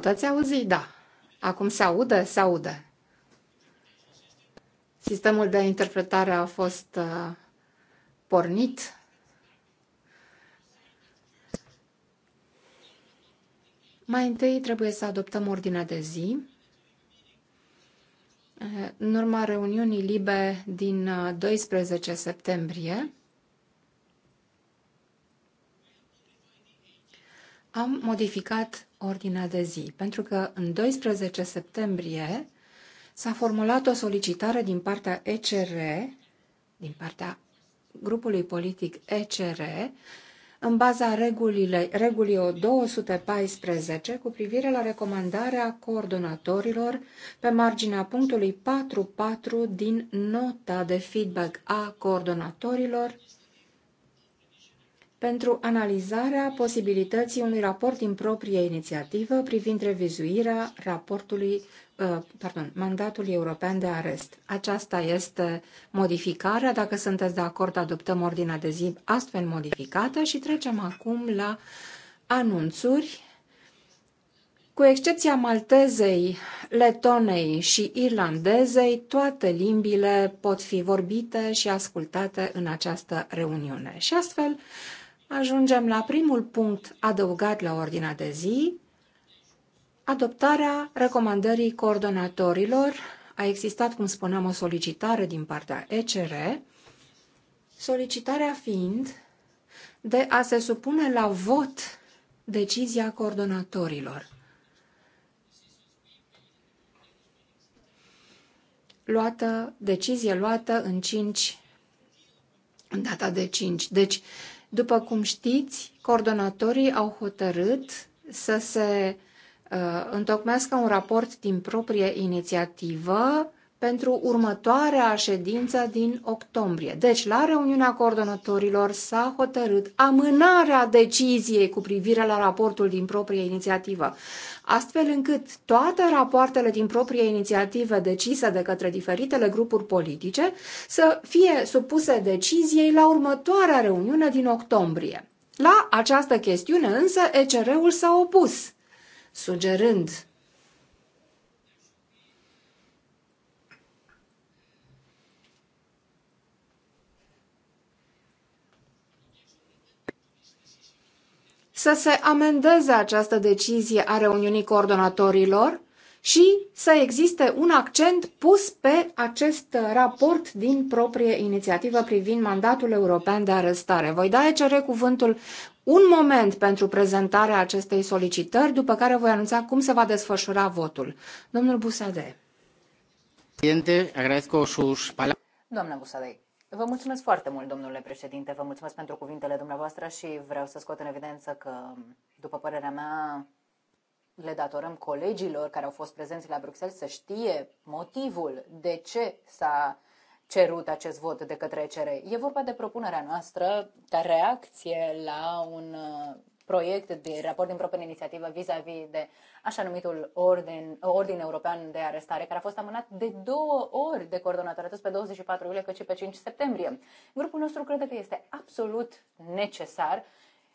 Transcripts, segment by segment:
Puteți auzi? Da. Acum se audă? Se audă. Sistemul de interpretare a fost uh, pornit. Mai întâi trebuie să adoptăm ordinea de zi. Uh, în urma reuniunii libe din 12 uh, septembrie, am modificat ordinea de zi, pentru că în 12 septembrie s-a formulat o solicitare din partea ECR, din partea grupului politic ECR, în baza regulii regulii 214 cu privire la recomandarea coordonatorilor pe marginea punctului 4.4 din nota de feedback a coordonatorilor pentru analizarea posibilității unui raport din proprie inițiativă privind revizuirea raportului, uh, pardon, mandatului european de arest. Aceasta este modificarea. Dacă sunteți de acord, adoptăm ordinea de zi astfel modificată și trecem acum la anunțuri. Cu excepția maltezei, letonei și irlandezei, toate limbile pot fi vorbite și ascultate în această reuniune. Și astfel ajungem la primul punct adăugat la ordinea de zi, adoptarea recomandării coordonatorilor. A existat, cum spuneam, o solicitare din partea ECR, solicitarea fiind de a se supune la vot decizia coordonatorilor. Luată, decizie luată în 5, în data de 5. Deci, după cum știți, coordonatorii au hotărât să se uh, întocmească un raport din proprie inițiativă pentru următoarea ședință din octombrie. Deci, la reuniunea coordonatorilor s-a hotărât amânarea deciziei cu privire la raportul din proprie inițiativă, astfel încât toate rapoartele din proprie inițiativă decise de către diferitele grupuri politice să fie supuse deciziei la următoarea reuniune din octombrie. La această chestiune însă ECR-ul s-a opus, sugerând să se amendeze această decizie a reuniunii coordonatorilor și să existe un accent pus pe acest raport din proprie inițiativă privind mandatul european de arestare. Voi da cere cuvântul un moment pentru prezentarea acestei solicitări, după care voi anunța cum se va desfășura votul. Domnul Busade. Doamna Busade, Vă mulțumesc foarte mult, domnule președinte, vă mulțumesc pentru cuvintele dumneavoastră și vreau să scot în evidență că, după părerea mea, le datorăm colegilor care au fost prezenți la Bruxelles să știe motivul de ce s-a cerut acest vot de către cere. E vorba de propunerea noastră ca reacție la un proiect de raport din proprie inițiativă vis-a-vis -vis de așa numitul ordin, ordin european de arestare, care a fost amânat de două ori de coordonator, atât pe 24 iulie cât și pe 5 septembrie. Grupul nostru crede că este absolut necesar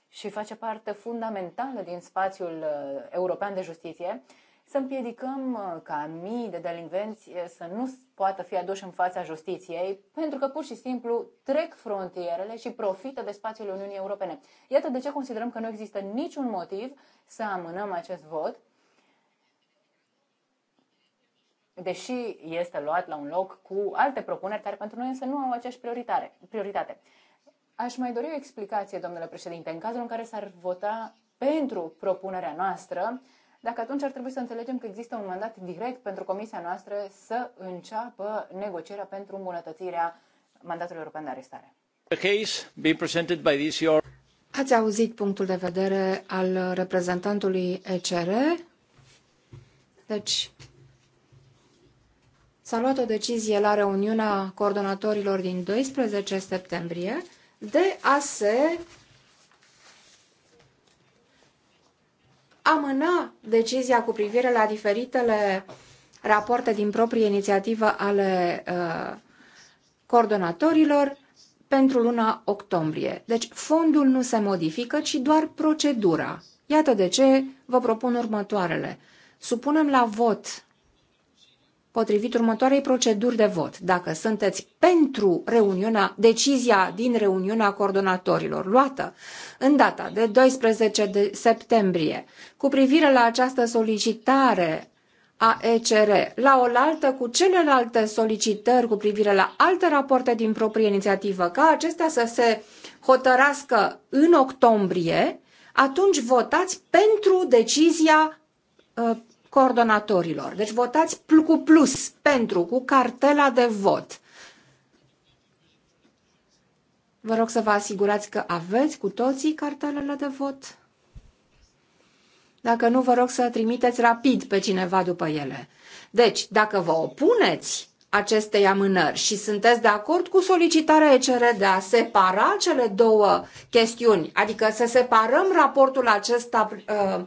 și face parte fundamentală din spațiul uh, european de justiție să împiedicăm uh, ca mii de delinvenți uh, să nu poată fi aduși în fața justiției, pentru că pur și simplu trec frontierele și profită de spațiul Uniunii Europene. Iată de ce considerăm că nu există niciun motiv să amânăm acest vot, deși este luat la un loc cu alte propuneri care pentru noi însă nu au aceeași prioritate. Aș mai dori o explicație, domnule președinte, în cazul în care s-ar vota pentru propunerea noastră, dacă atunci ar trebui să înțelegem că există un mandat direct pentru comisia noastră să înceapă negocierea pentru îmbunătățirea mandatului european de arestare. Ați auzit punctul de vedere al reprezentantului ECR. Deci, s-a luat o decizie la reuniunea coordonatorilor din 12 septembrie de a se amâna decizia cu privire la diferitele rapoarte din proprie inițiativă ale uh, coordonatorilor pentru luna octombrie. Deci fondul nu se modifică, ci doar Procedura. Iată de ce vă propun următoarele. Supunem la vot potrivit următoarei proceduri de vot. Dacă sunteți pentru reuniunea, decizia din reuniunea coordonatorilor luată în data de 12 de septembrie cu privire la această solicitare a ECR, la oaltă cu celelalte solicitări cu privire la alte rapoarte din proprie inițiativă, ca acestea să se hotărască în octombrie, atunci votați pentru decizia uh, coordonatorilor. Deci votați cu plus, pentru, cu cartela de vot. Vă rog să vă asigurați că aveți cu toții cartelele de vot. Dacă nu, vă rog să trimiteți rapid pe cineva după ele. Deci, dacă vă opuneți acestei amânări și sunteți de acord cu solicitarea ECR de a separa cele două chestiuni, adică să separăm raportul acesta uh,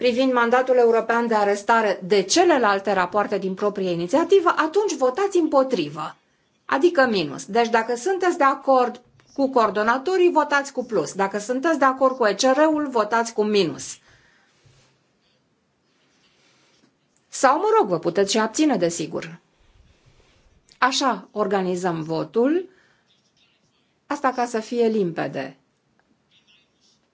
privind mandatul european de arestare de celelalte rapoarte din proprie inițiativă, atunci votați împotrivă, adică minus. Deci dacă sunteți de acord cu coordonatorii, votați cu plus. Dacă sunteți de acord cu ECR-ul, votați cu minus. Sau, mă rog, vă puteți și abține, desigur. Așa organizăm votul, asta ca să fie limpede.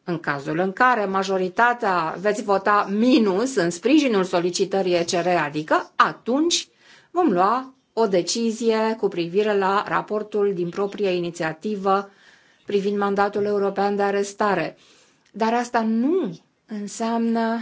În cazul în care majoritatea veți vota minus în sprijinul solicitării ECR, adică atunci vom lua o decizie cu privire la raportul din proprie inițiativă privind mandatul european de arestare. Dar asta nu înseamnă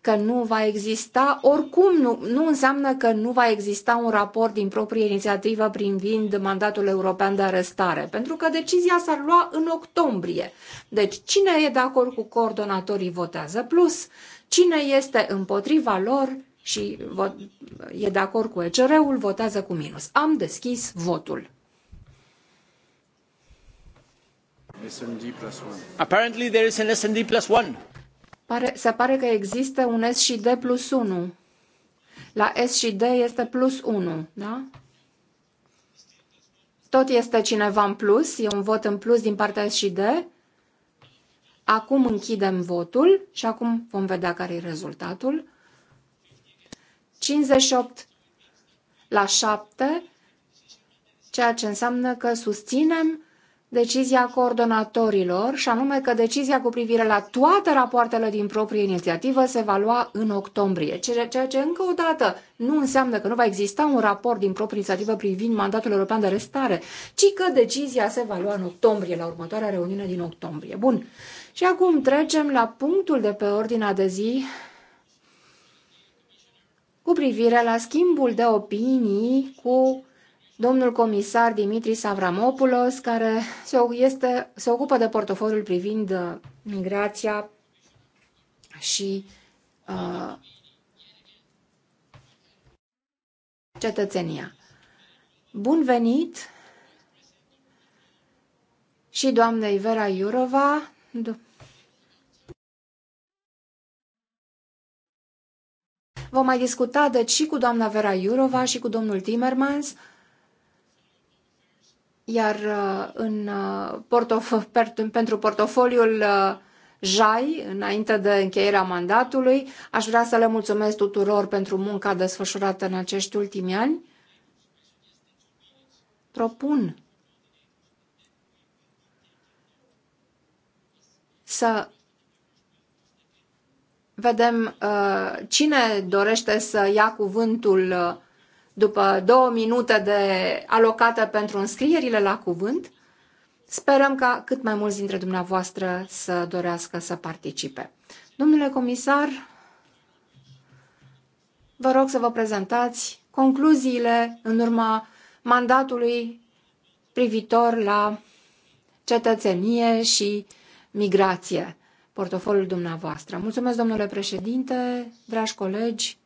că nu va exista, oricum nu, nu înseamnă că nu va exista un raport din proprie inițiativă privind mandatul european de arestare, pentru că decizia s-ar lua în octombrie. Deci cine e de acord cu coordonatorii votează plus, cine este împotriva lor și e de acord cu ECR-ul votează cu minus. Am deschis votul. SMD plus one. Apparently there is an SMD plus one. Pare, se pare că există un S și D plus 1. La S și D este plus 1, da? Tot este cineva în plus, e un vot în plus din partea S și D. Acum închidem votul și acum vom vedea care e rezultatul. 58 la 7, ceea ce înseamnă că susținem decizia coordonatorilor, și anume că decizia cu privire la toate rapoartele din proprie inițiativă se va lua în octombrie, ceea ce încă o dată nu înseamnă că nu va exista un raport din proprie inițiativă privind mandatul european de restare, ci că decizia se va lua în octombrie, la următoarea reuniune din octombrie. Bun. Și acum trecem la punctul de pe ordinea de zi cu privire la schimbul de opinii cu domnul comisar Dimitri Savramopoulos, care se, este, se ocupă de portofoliul privind uh, migrația și uh, cetățenia. Bun venit și doamnei Vera Iurova, Vom mai discuta deci și cu doamna Vera Iurova și cu domnul Timmermans iar uh, în uh, portof- pentru portofoliul uh, JAI, înainte de încheierea mandatului, aș vrea să le mulțumesc tuturor pentru munca desfășurată în acești ultimi ani. Propun să vedem uh, cine dorește să ia cuvântul după două minute de alocată pentru înscrierile la cuvânt, sperăm ca cât mai mulți dintre dumneavoastră să dorească să participe. Domnule comisar, vă rog să vă prezentați concluziile în urma mandatului privitor la cetățenie și migrație, portofoliul dumneavoastră. Mulțumesc, domnule președinte, dragi colegi,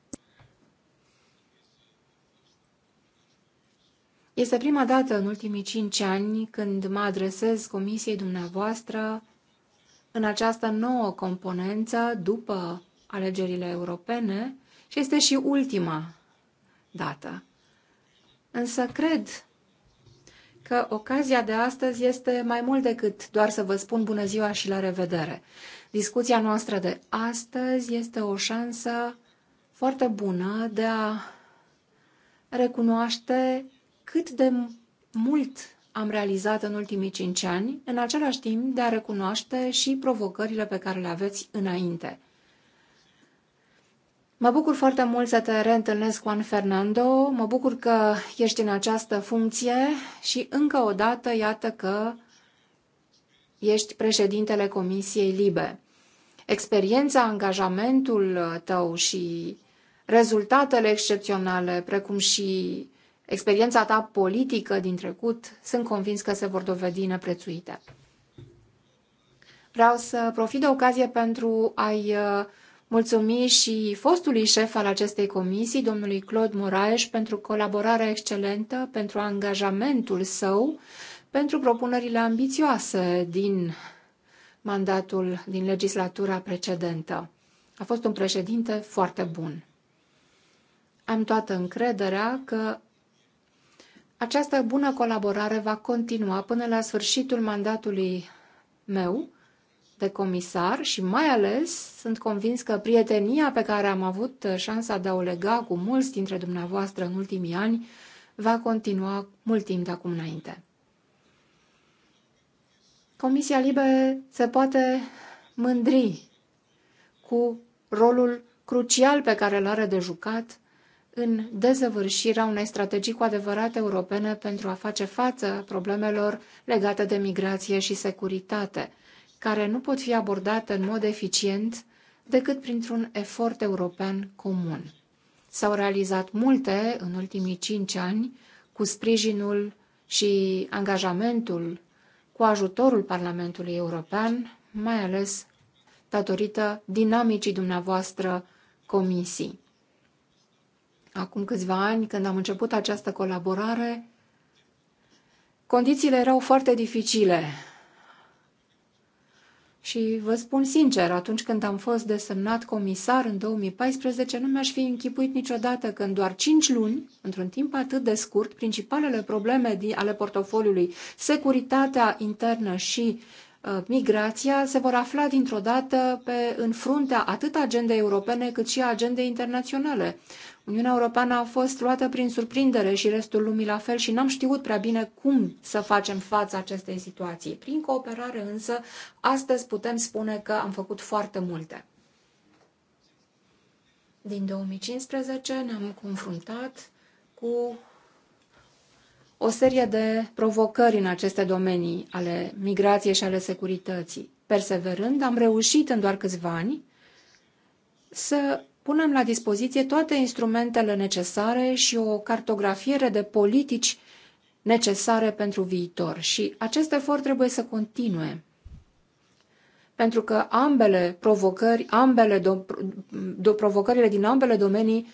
Este prima dată în ultimii cinci ani când mă adresez comisiei dumneavoastră în această nouă componență după alegerile europene și este și ultima dată. Însă cred că ocazia de astăzi este mai mult decât doar să vă spun bună ziua și la revedere. Discuția noastră de astăzi este o șansă foarte bună de a recunoaște cât de mult am realizat în ultimii cinci ani, în același timp de a recunoaște și provocările pe care le aveți înainte. Mă bucur foarte mult să te reîntâlnesc, Juan Fernando. Mă bucur că ești în această funcție și încă o dată, iată că ești președintele Comisiei Libe. Experiența, angajamentul tău și rezultatele excepționale, precum și experiența ta politică din trecut, sunt convins că se vor dovedi neprețuite. Vreau să profit de ocazie pentru a-i uh, mulțumi și fostului șef al acestei comisii, domnului Claude Moraes, pentru colaborarea excelentă, pentru angajamentul său, pentru propunerile ambițioase din mandatul din legislatura precedentă. A fost un președinte foarte bun. Am toată încrederea că această bună colaborare va continua până la sfârșitul mandatului meu de comisar și mai ales sunt convins că prietenia pe care am avut șansa de a o lega cu mulți dintre dumneavoastră în ultimii ani va continua mult timp de acum înainte. Comisia Libe se poate mândri cu rolul crucial pe care îl are de jucat în dezăvârșirea unei strategii cu adevărat europene pentru a face față problemelor legate de migrație și securitate, care nu pot fi abordate în mod eficient decât printr-un efort european comun. S-au realizat multe în ultimii cinci ani cu sprijinul și angajamentul, cu ajutorul Parlamentului European, mai ales datorită dinamicii dumneavoastră comisii. Acum câțiva ani, când am început această colaborare, condițiile erau foarte dificile. Și vă spun sincer, atunci când am fost desemnat comisar în 2014, nu mi-aș fi închipuit niciodată că în doar 5 luni, într-un timp atât de scurt, principalele probleme ale portofoliului, securitatea internă și uh, migrația, se vor afla dintr-o dată pe, în fruntea atât agendei europene cât și agendei internaționale. Uniunea Europeană a fost luată prin surprindere și restul lumii la fel și n-am știut prea bine cum să facem față acestei situații. Prin cooperare însă, astăzi putem spune că am făcut foarte multe. Din 2015 ne-am confruntat cu o serie de provocări în aceste domenii ale migrației și ale securității. Perseverând, am reușit în doar câțiva ani să punem la dispoziție toate instrumentele necesare și o cartografiere de politici necesare pentru viitor. Și acest efort trebuie să continue. Pentru că ambele provocări, ambele do, do, provocările din ambele domenii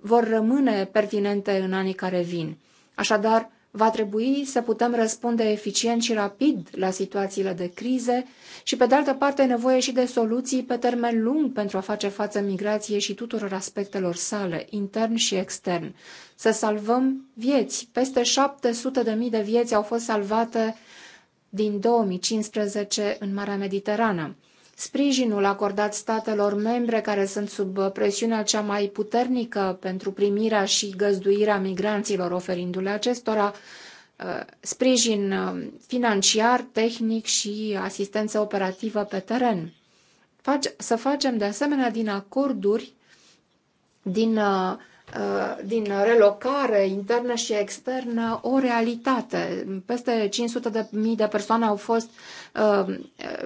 vor rămâne pertinente în anii care vin. Așadar, va trebui să putem răspunde eficient și rapid la situațiile de crize și, pe de altă parte, nevoie și de soluții pe termen lung pentru a face față migrației și tuturor aspectelor sale, intern și extern. Să salvăm vieți. Peste 700.000 de vieți au fost salvate din 2015 în Marea Mediterană sprijinul acordat statelor membre care sunt sub presiunea cea mai puternică pentru primirea și găzduirea migranților, oferindu-le acestora uh, sprijin uh, financiar, tehnic și asistență operativă pe teren. Să facem de asemenea din acorduri, din uh, Uh, din relocare internă și externă o realitate. Peste 500 de mii de persoane au fost, uh,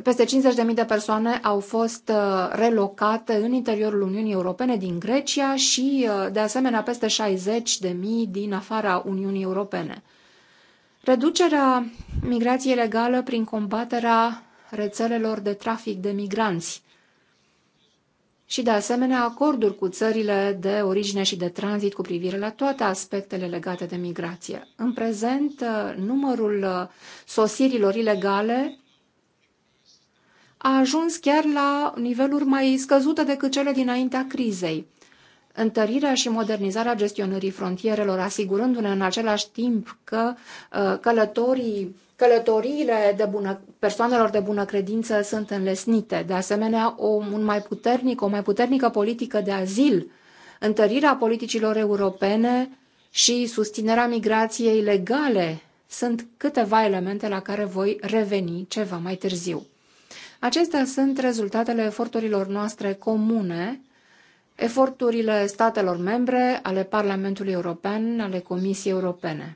peste 50 de mii de persoane au fost uh, relocate în interiorul Uniunii Europene din Grecia și de asemenea peste 60 de mii din afara Uniunii Europene. Reducerea migrației legală prin combaterea rețelelor de trafic de migranți și, de asemenea, acorduri cu țările de origine și de tranzit cu privire la toate aspectele legate de migrație. În prezent, uh, numărul uh, sosirilor ilegale a ajuns chiar la niveluri mai scăzute decât cele dinaintea crizei. Întărirea și modernizarea gestionării frontierelor, asigurându-ne în același timp că uh, călătorii călătoriile de bună, persoanelor de bună credință sunt înlesnite. De asemenea, o, un mai puternic, o mai puternică politică de azil, întărirea politicilor europene și susținerea migrației legale sunt câteva elemente la care voi reveni ceva mai târziu. Acestea sunt rezultatele eforturilor noastre comune, eforturile statelor membre, ale Parlamentului European, ale Comisiei Europene.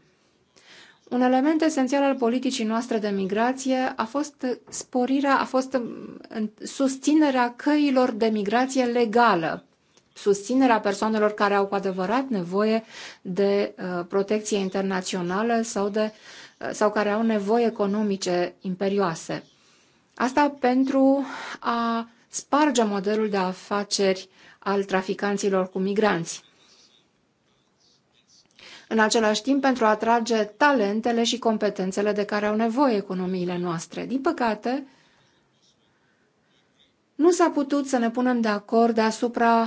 Un element esențial al politicii noastre de migrație a fost sporirea, a fost um, susținerea căilor de migrație legală, susținerea persoanelor care au cu adevărat nevoie de uh, protecție internațională sau, de, uh, sau care au nevoi economice imperioase. Asta pentru a sparge modelul de afaceri al traficanților cu migranți în același timp pentru a atrage talentele și competențele de care au nevoie economiile noastre. Din păcate, nu s-a putut să ne punem de acord asupra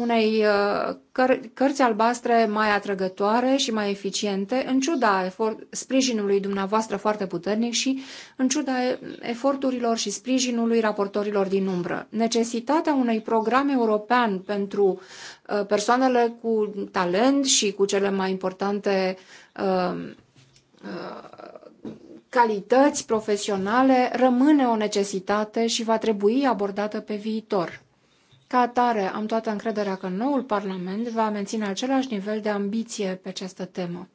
unei uh, căr- cărți albastre mai atrăgătoare și mai eficiente, în ciuda efort- sprijinului dumneavoastră foarte puternic și în ciuda eforturilor și sprijinului raportorilor din umbră. Necesitatea unui program european pentru uh, persoanele cu talent și cu cele mai importante uh, uh, calități profesionale rămâne o necesitate și va trebui abordată pe viitor. Ca atare, am toată încrederea că noul Parlament va menține același nivel de ambiție pe această temă.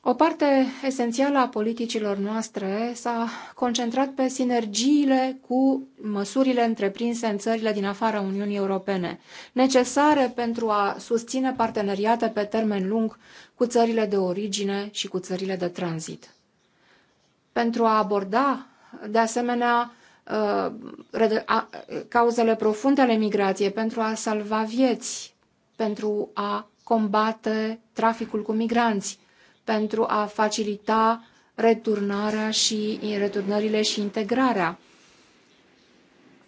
O parte esențială a politicilor noastre s-a concentrat pe sinergiile cu măsurile întreprinse în țările din afara Uniunii Europene, necesare pentru a susține parteneriate pe termen lung cu țările de origine și cu țările de tranzit. Pentru a aborda, de asemenea, Uh, cauzele profunde ale migrației, pentru a salva vieți, pentru a combate traficul cu migranți, pentru a facilita returnarea și returnările și integrarea.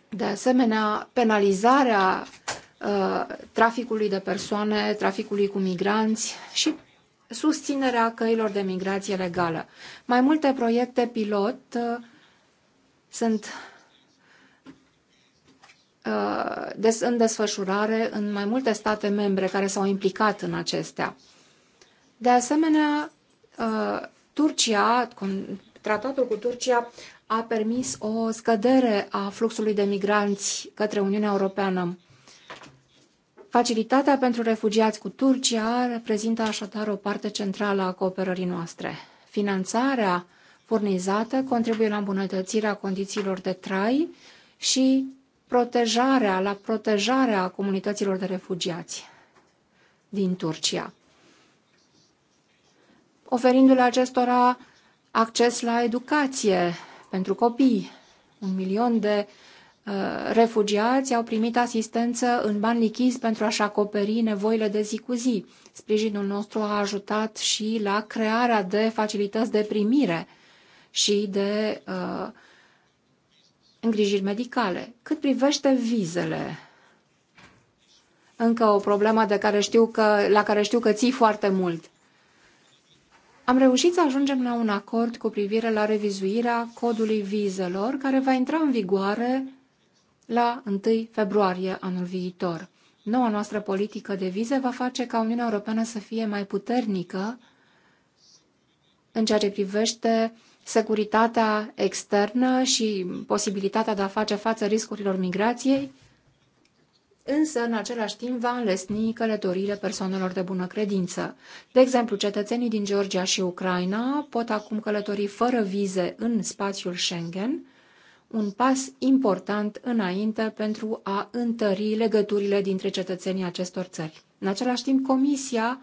De asemenea, penalizarea uh, traficului de persoane, traficului cu migranți și susținerea căilor de migrație legală. Mai multe proiecte pilot uh, sunt uh, des, în desfășurare în mai multe state membre care s-au implicat în acestea. De asemenea, uh, Turcia, tratatul cu Turcia a permis o scădere a fluxului de migranți către Uniunea Europeană. Facilitatea pentru refugiați cu Turcia reprezintă așadar o parte centrală a cooperării noastre. Finanțarea furnizată contribuie la îmbunătățirea condițiilor de trai și protejarea, la protejarea comunităților de refugiați din Turcia, oferindu-le acestora acces la educație pentru copii. Un milion de uh, refugiați au primit asistență în bani lichizi pentru a-și acoperi nevoile de zi cu zi. Sprijinul nostru a ajutat și la crearea de facilități de primire și de uh, îngrijiri medicale. Cât privește vizele, încă o problemă de care știu că, la care știu că ții foarte mult. Am reușit să ajungem la un acord cu privire la revizuirea codului vizelor, care va intra în vigoare la 1 februarie anul viitor. Noua noastră politică de vize va face ca Uniunea Europeană să fie mai puternică în ceea ce privește securitatea externă și posibilitatea de a face față riscurilor migrației, însă în același timp va înlesni călătoriile persoanelor de bună credință. De exemplu, cetățenii din Georgia și Ucraina pot acum călători fără vize în spațiul Schengen, un pas important înainte pentru a întări legăturile dintre cetățenii acestor țări. În același timp, Comisia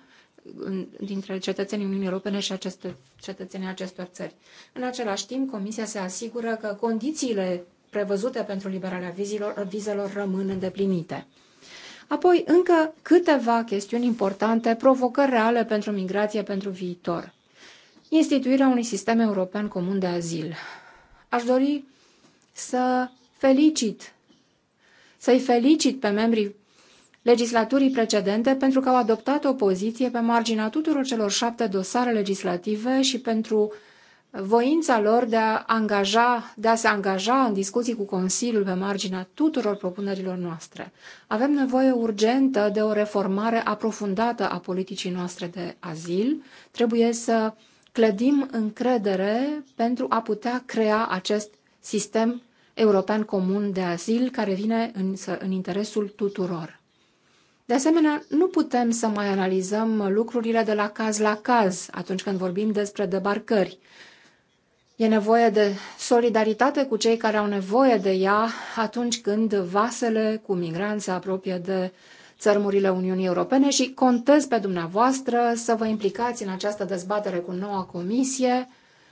dintre cetățenii Uniunii Europene și aceste, cetățenii acestor țări. În același timp, Comisia se asigură că condițiile prevăzute pentru liberarea vizilor, vizelor rămân îndeplinite. Apoi, încă câteva chestiuni importante, provocări reale pentru migrație pentru viitor. Instituirea unui sistem european comun de azil. Aș dori să felicit, să-i felicit pe membrii legislaturii precedente pentru că au adoptat o poziție pe marginea tuturor celor șapte dosare legislative și pentru voința lor de a, angaja, de a se angaja în discuții cu Consiliul pe marginea tuturor propunerilor noastre. Avem nevoie urgentă de o reformare aprofundată a politicii noastre de azil. Trebuie să clădim încredere pentru a putea crea acest sistem european comun de azil care vine în, în interesul tuturor. De asemenea, nu putem să mai analizăm lucrurile de la caz la caz atunci când vorbim despre debarcări. E nevoie de solidaritate cu cei care au nevoie de ea atunci când vasele cu migranți se apropie de țărmurile Uniunii Europene și contez pe dumneavoastră să vă implicați în această dezbatere cu noua comisie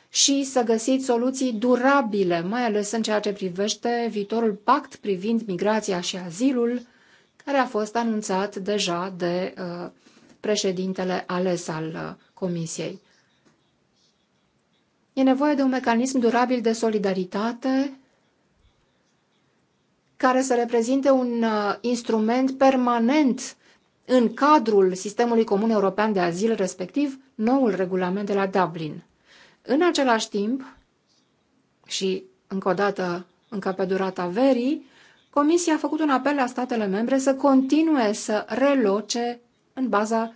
și să găsiți soluții durabile, mai ales în ceea ce privește viitorul pact privind migrația și azilul, care a fost anunțat deja de uh, președintele ales al uh, Comisiei. E nevoie de un mecanism durabil de solidaritate care să reprezinte un uh, instrument permanent în cadrul sistemului comun european de azil, respectiv noul regulament de la Dublin. În același timp, și încă o dată, încă pe durata verii, Comisia a făcut un apel la statele membre să continue să reloce în baza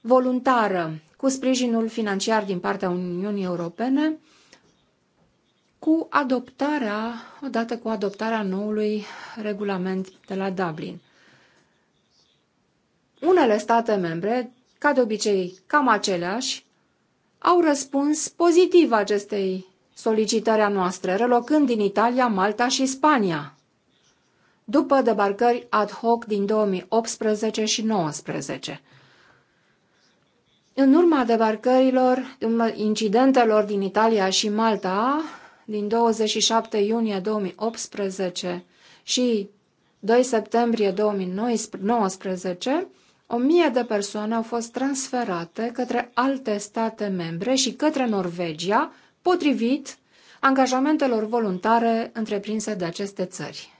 voluntară, cu sprijinul financiar din partea Uniunii Europene, cu adoptarea, odată cu adoptarea noului regulament de la Dublin. Unele state membre, ca de obicei cam aceleași, au răspuns pozitiv acestei solicitări a noastre, relocând din Italia, Malta și Spania după debarcări ad hoc din 2018 și 2019. În urma debarcărilor, incidentelor din Italia și Malta, din 27 iunie 2018 și 2 septembrie 2019, o mie de persoane au fost transferate către alte state membre și către Norvegia, potrivit angajamentelor voluntare întreprinse de aceste țări.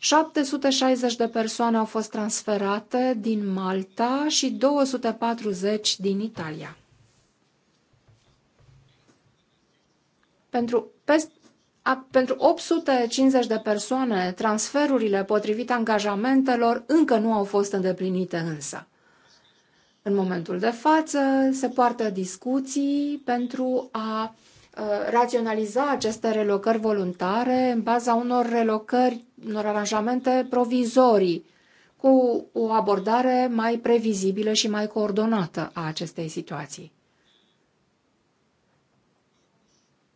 760 de persoane au fost transferate din Malta și 240 din Italia. Pentru, pest, a, pentru 850 de persoane, transferurile potrivit angajamentelor încă nu au fost îndeplinite însă. În momentul de față se poartă discuții pentru a Uh, raționaliza aceste relocări voluntare în baza unor relocări, unor aranjamente provizorii, cu o abordare mai previzibilă și mai coordonată a acestei situații.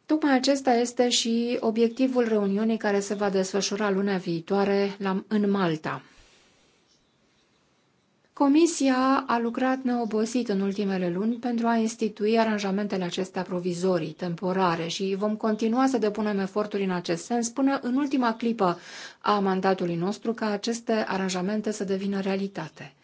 Tocmai acesta este și obiectivul reuniunii care se va desfășura luna viitoare la, în Malta. Comisia a lucrat neobosit în ultimele luni pentru a institui aranjamentele acestea provizorii, temporare și vom continua să depunem eforturi în acest sens până în ultima clipă a mandatului nostru ca aceste aranjamente să devină realitate.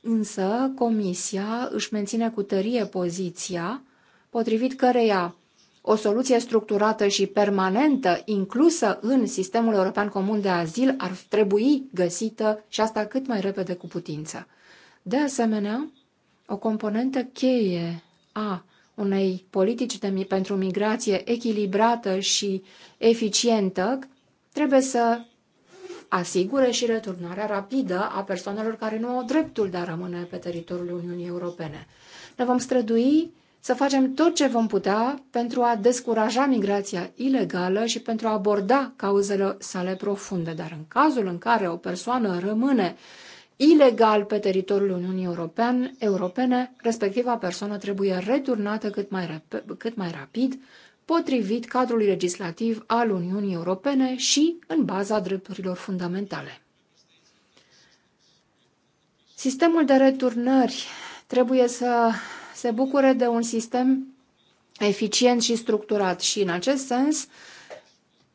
Însă, Comisia își menține cu tărie poziția potrivit căreia o soluție structurată și permanentă inclusă în sistemul european comun de azil ar trebui găsită și asta cât mai repede cu putință. De asemenea, o componentă cheie a unei politici de, pentru migrație echilibrată și eficientă trebuie să asigure și returnarea rapidă a persoanelor care nu au dreptul de a rămâne pe teritoriul Uniunii Europene. Ne vom strădui să facem tot ce vom putea pentru a descuraja migrația ilegală și pentru a aborda cauzele sale profunde. Dar în cazul în care o persoană rămâne ilegal pe teritoriul Uniunii European, Europene, respectiva persoană trebuie returnată cât mai, rap- cât mai rapid, potrivit cadrului legislativ al Uniunii Europene și în baza drepturilor fundamentale. Sistemul de returnări trebuie să se bucure de un sistem eficient și structurat și în acest sens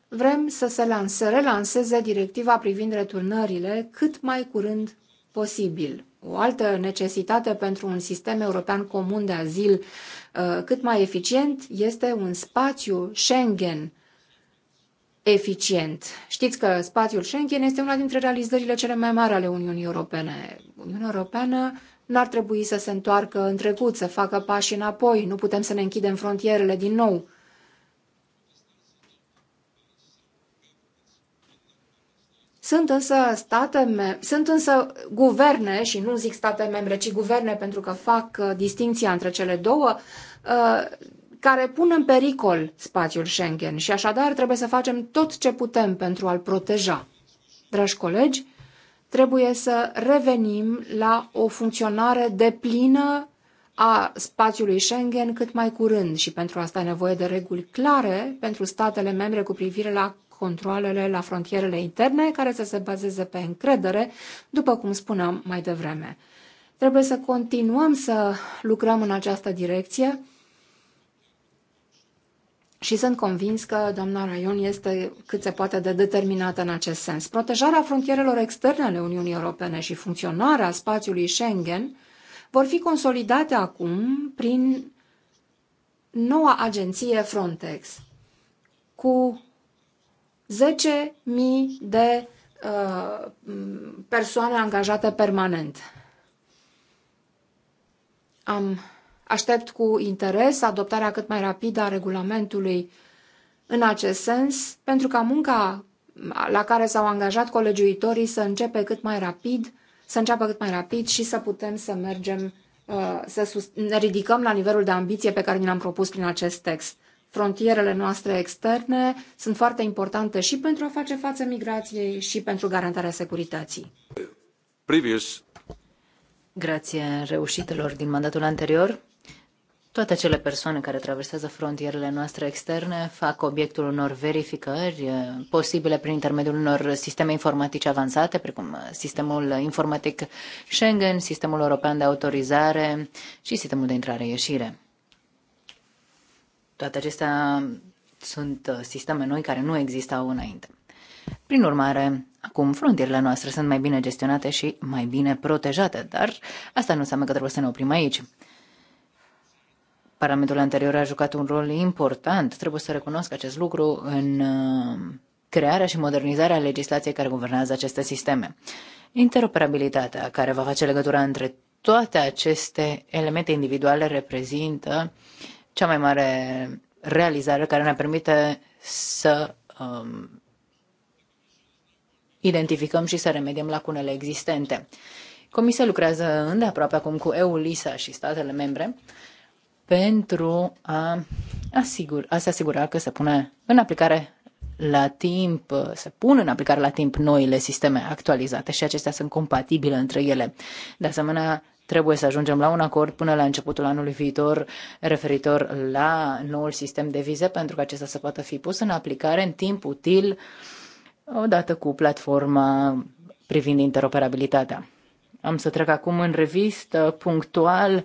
vrem să se lanse, relanseze directiva privind returnările cât mai curând posibil. O altă necesitate pentru un sistem european comun de azil uh, cât mai eficient este un spațiu Schengen eficient. Știți că spațiul Schengen este una dintre realizările cele mai mari ale Uniunii Europene. Uniunea Europeană n-ar trebui să se întoarcă în trecut, să facă pași înapoi, nu putem să ne închidem frontierele din nou. Sunt însă, state sunt însă guverne, și nu zic state membre, ci guverne pentru că fac uh, distinția între cele două, uh, care pun în pericol spațiul Schengen și așadar trebuie să facem tot ce putem pentru a-l proteja. Dragi colegi, trebuie să revenim la o funcționare deplină a spațiului Schengen cât mai curând și pentru asta e nevoie de reguli clare pentru statele membre cu privire la controlele la frontierele interne, care să se bazeze pe încredere, după cum spuneam mai devreme. Trebuie să continuăm să lucrăm în această direcție și sunt convins că doamna Raion este cât se poate de determinată în acest sens. Protejarea frontierelor externe ale Uniunii Europene și funcționarea spațiului Schengen vor fi consolidate acum prin noua agenție Frontex, cu 10.000 de uh, persoane angajate permanent. Am aștept cu interes adoptarea cât mai rapidă a regulamentului în acest sens, pentru ca munca la care s-au angajat colegiuitorii să începe cât mai rapid, să înceapă cât mai rapid și să putem să mergem, uh, să ne ridicăm la nivelul de ambiție pe care ni l-am propus prin acest text frontierele noastre externe sunt foarte importante și pentru a face față migrației și pentru garantarea securității. Previous. Grație reușitelor din mandatul anterior, toate acele persoane care traversează frontierele noastre externe fac obiectul unor verificări eh, posibile prin intermediul unor sisteme informatice avansate, precum sistemul informatic Schengen, sistemul european de autorizare și sistemul de intrare-ieșire. Toate acestea sunt uh, sisteme noi care nu existau înainte. Prin urmare, acum frontierele noastre sunt mai bine gestionate și mai bine protejate, dar asta nu înseamnă că trebuie să ne oprim aici. Parametrul anterior a jucat un rol important, trebuie să recunosc acest lucru în uh, crearea și modernizarea legislației care guvernează aceste sisteme. Interoperabilitatea, care va face legătura între toate aceste elemente individuale, reprezintă uh, cea mai mare realizare care ne permite să um, identificăm și să remediem lacunele existente. Comisia lucrează îndeaproape acum cu EULISA și statele membre pentru a, asigur, a se asigura că se pune în aplicare la timp, se pun în aplicare la timp noile sisteme actualizate și acestea sunt compatibile între ele. De asemenea, Trebuie să ajungem la un acord până la începutul anului viitor referitor la noul sistem de vize pentru că acesta să poată fi pus în aplicare în timp util odată cu platforma privind interoperabilitatea. Am să trec acum în revistă punctual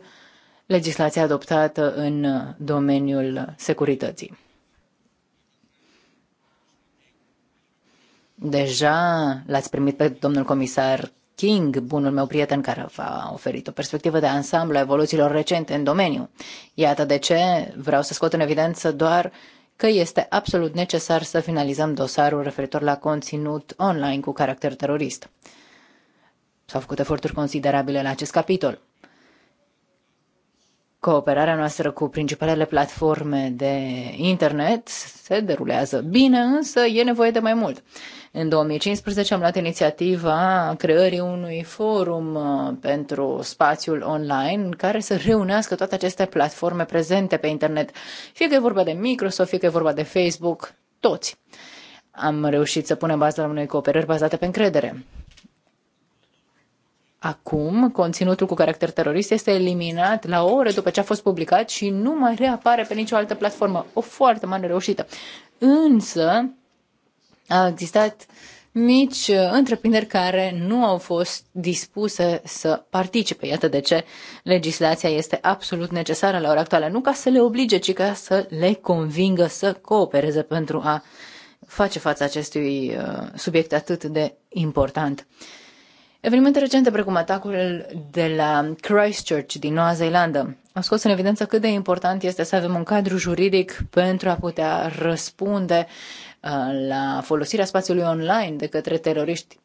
legislația adoptată în domeniul securității. Deja l-ați primit pe domnul comisar King, bunul meu prieten care v-a oferit o perspectivă de ansamblu a evoluțiilor recente în domeniu. Iată de ce vreau să scot în evidență doar că este absolut necesar să finalizăm dosarul referitor la conținut online cu caracter terorist. S-au făcut eforturi considerabile la acest capitol. Cooperarea noastră cu principalele platforme de internet se derulează bine, însă e nevoie de mai mult. În 2015 am luat inițiativa creării unui forum uh, pentru spațiul online care să reunească toate aceste platforme prezente pe internet, fie că e vorba de Microsoft, fie că e vorba de Facebook, toți. Am reușit să punem baza unei cooperări bazate pe încredere. Acum, conținutul cu caracter terorist este eliminat la o oră după ce a fost publicat și nu mai reapare pe nicio altă platformă. O foarte mare reușită. Însă, a existat mici uh, întreprinderi care nu au fost dispuse să participe. Iată de ce legislația este absolut necesară la ora actuală, nu ca să le oblige, ci ca să le convingă să coopereze pentru a face față acestui uh, subiect atât de important. Evenimente recente, precum atacul de la Christchurch din Noua Zeelandă, au scos în evidență cât de important este să avem un cadru juridic pentru a putea răspunde uh, la folosirea spațiului online de către teroriști.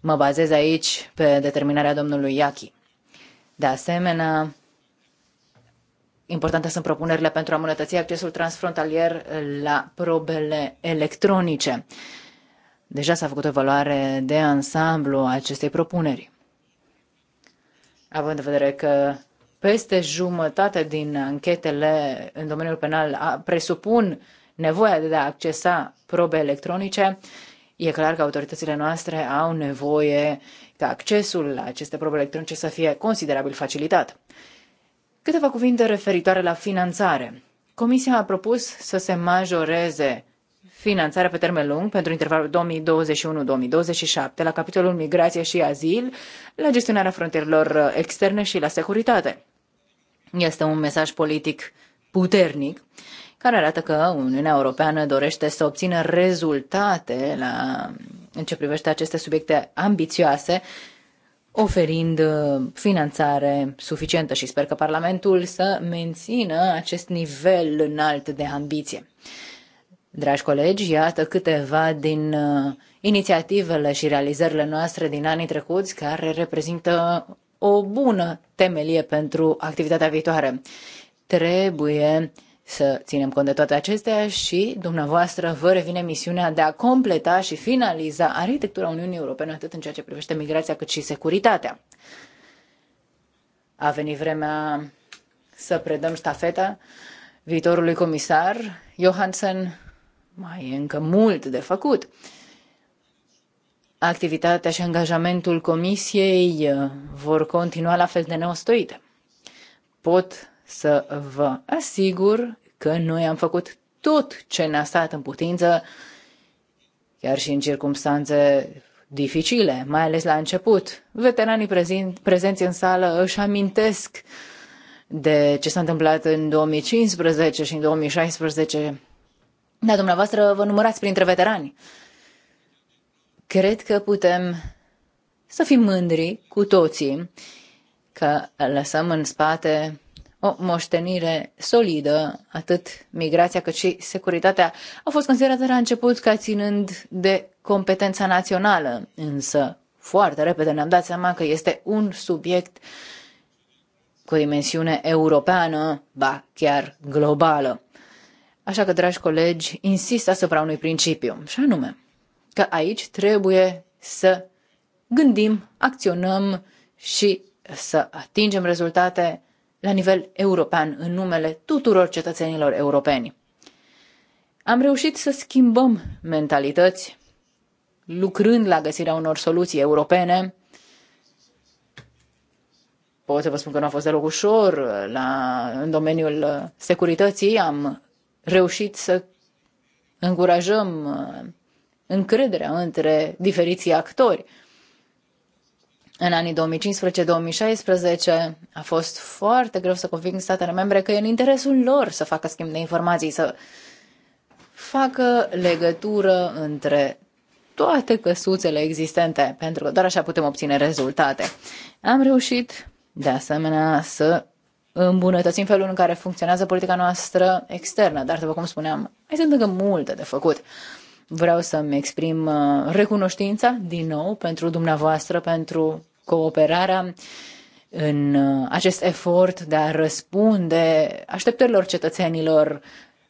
Mă bazez aici pe determinarea domnului Iachi. De asemenea, Importante sunt propunerile pentru a îmbunătăți accesul transfrontalier la probele electronice. Deja s-a făcut o evaluare de ansamblu a acestei propuneri. Având în vedere că peste jumătate din anchetele în domeniul penal presupun nevoia de a accesa probe electronice, e clar că autoritățile noastre au nevoie ca accesul la aceste probe electronice să fie considerabil facilitat. Câteva cuvinte referitoare la finanțare. Comisia a propus să se majoreze finanțarea pe termen lung pentru intervalul 2021-2027 la capitolul migrație și azil, la gestionarea frontierelor externe și la securitate. Este un mesaj politic puternic care arată că Uniunea Europeană dorește să obțină rezultate la, în ce privește aceste subiecte ambițioase oferind uh, finanțare suficientă și sper că Parlamentul să mențină acest nivel înalt de ambiție. Dragi colegi, iată câteva din uh, inițiativele și realizările noastre din anii trecuți care reprezintă o bună temelie pentru activitatea viitoare. Trebuie să ținem cont de toate acestea și dumneavoastră vă revine misiunea de a completa și finaliza arhitectura Uniunii Europene atât în ceea ce privește migrația cât și securitatea. A venit vremea să predăm ștafeta viitorului comisar Johansen. Mai e încă mult de făcut. Activitatea și angajamentul comisiei uh, vor continua la fel de neostoite. Pot să vă asigur că noi am făcut tot ce ne-a stat în putință, chiar și în circunstanțe dificile, mai ales la început. Veteranii prezent, prezenți în sală își amintesc de ce s-a întâmplat în 2015 și în 2016. Dar dumneavoastră vă numărați printre veterani. Cred că putem să fim mândri cu toții că lăsăm în spate o moștenire solidă, atât migrația cât și securitatea au fost considerate la început ca ținând de competența națională, însă foarte repede ne-am dat seama că este un subiect cu o dimensiune europeană, ba chiar globală. Așa că, dragi colegi, insist asupra unui principiu, și anume că aici trebuie să gândim, acționăm și să atingem rezultate la nivel european, în numele tuturor cetățenilor europeni. Am reușit să schimbăm mentalități, lucrând la găsirea unor soluții europene. Pot să vă spun că nu a fost deloc ușor. La, în domeniul securității am reușit să încurajăm uh, încrederea între diferiții actori. În anii 2015-2016 a fost foarte greu să conving statele membre că e în interesul lor să facă schimb de informații, să facă legătură între toate căsuțele existente, pentru că doar așa putem obține rezultate. Am reușit, de asemenea, să îmbunătățim felul în care funcționează politica noastră externă, dar, după cum spuneam, mai sunt încă multe de făcut. Vreau să-mi exprim uh, recunoștința din nou pentru dumneavoastră, pentru cooperarea în uh, acest efort de a răspunde așteptărilor cetățenilor